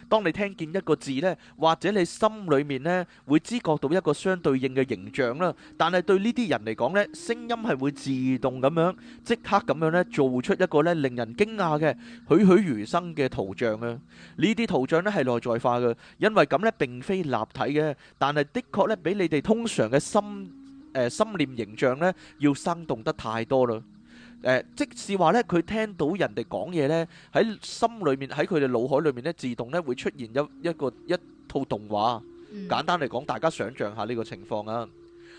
當你聽見一個字咧，或者你心裏面咧會知覺到一個相對應嘅形象啦，但係對呢啲人嚟講咧，聲音係會自動咁樣即刻咁樣咧做出一個咧令人驚訝嘅栩栩如生嘅圖像啊！呢啲圖像咧係內在化嘅，因為咁咧並非立體嘅，但係的確咧畀你哋通常嘅心誒心念形象咧要生動得太多啦。呃，即係話呢佢聽到人哋講嘢呢，喺心裏面，喺佢哋腦海裏面呢，自動呢會出現一一個一套動畫。簡單嚟講，大家想像下呢個情況啊！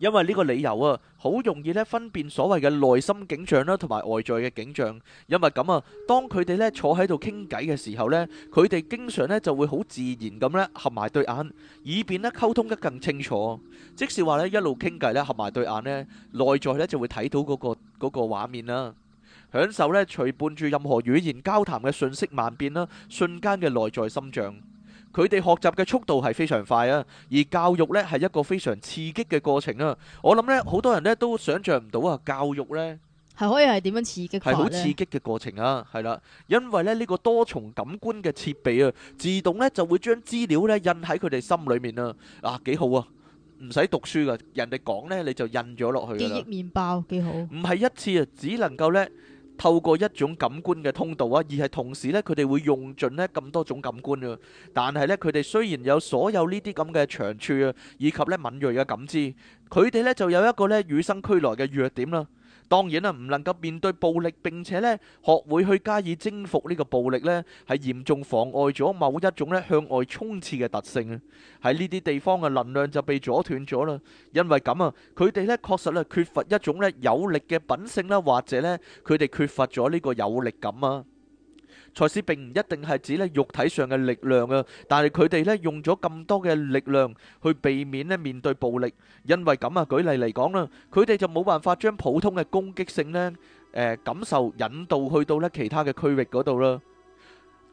因為呢個理由啊，好容易咧分辨所謂嘅內心景象啦，同埋外在嘅景象。因為咁啊，當佢哋咧坐喺度傾偈嘅時候咧，佢哋經常咧就會好自然咁咧合埋對眼，以便咧溝通得更清楚。即使話咧一路傾偈咧合埋對眼咧，內在咧就會睇到嗰個嗰個畫面啦，享受咧隨伴住任何語言交談嘅訊息萬變啦，瞬間嘅內在心象。佢哋學習嘅速度係非常快啊，而教育咧係一個非常刺激嘅過程啊！我諗咧，好多人咧都想象唔到啊，教育咧係可以係點樣刺激？係好刺激嘅過程啊，係啦，因為咧呢個多重感官嘅設備啊，自動咧就會將資料咧印喺佢哋心裏面啊，啊幾好啊，唔使讀書噶，人哋講咧你就印咗落去啦。記憶麵包幾好？唔係一次啊，只能夠咧。透過一種感官嘅通道啊，而係同時呢，佢哋會用盡呢咁多種感官啊。但係呢，佢哋雖然有所有呢啲咁嘅長處啊，以及呢敏銳嘅感知，佢哋呢就有一個呢與生俱來嘅弱點啦。當然啦，唔能夠面對暴力，並且咧學會去加以征服呢個暴力咧，係嚴重妨礙咗某一種咧向外衝刺嘅特性啊！喺呢啲地方嘅能量就被阻斷咗啦，因為咁啊，佢哋咧確實咧缺乏一種咧有力嘅品性啦，或者咧佢哋缺乏咗呢個有力感啊。賽斯並唔一定係指咧肉體上嘅力量啊，但係佢哋咧用咗咁多嘅力量去避免咧面對暴力，因為咁啊，舉例嚟講啦，佢哋就冇辦法將普通嘅攻擊性咧誒感受引導去到咧其他嘅區域嗰度啦。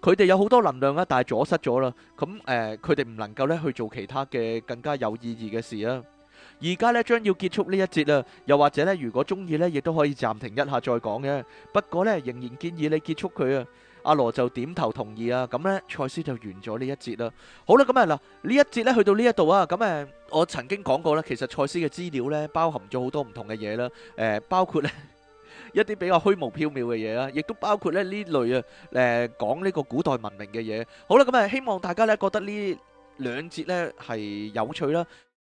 佢哋有好多能量啊，但係阻塞咗啦。咁誒，佢哋唔能夠咧去做其他嘅更加有意義嘅事啊。而家咧將要結束呢一節啊，又或者咧如果中意咧，亦都可以暫停一下再講嘅。不過咧仍然建議你結束佢啊。阿羅就點頭同意啊，咁呢，賽斯就完咗呢一節啦。好啦，咁啊嗱，呢一節呢，去到呢一度啊，咁誒，我曾經講過咧，其實賽斯嘅資料呢，包含咗好多唔同嘅嘢啦，誒、呃，包括呢 一啲比較虛無縹緲嘅嘢啦，亦都包括咧呢類啊，誒、呃，講呢個古代文明嘅嘢。好啦，咁啊，希望大家呢，覺得呢兩節呢係有趣啦。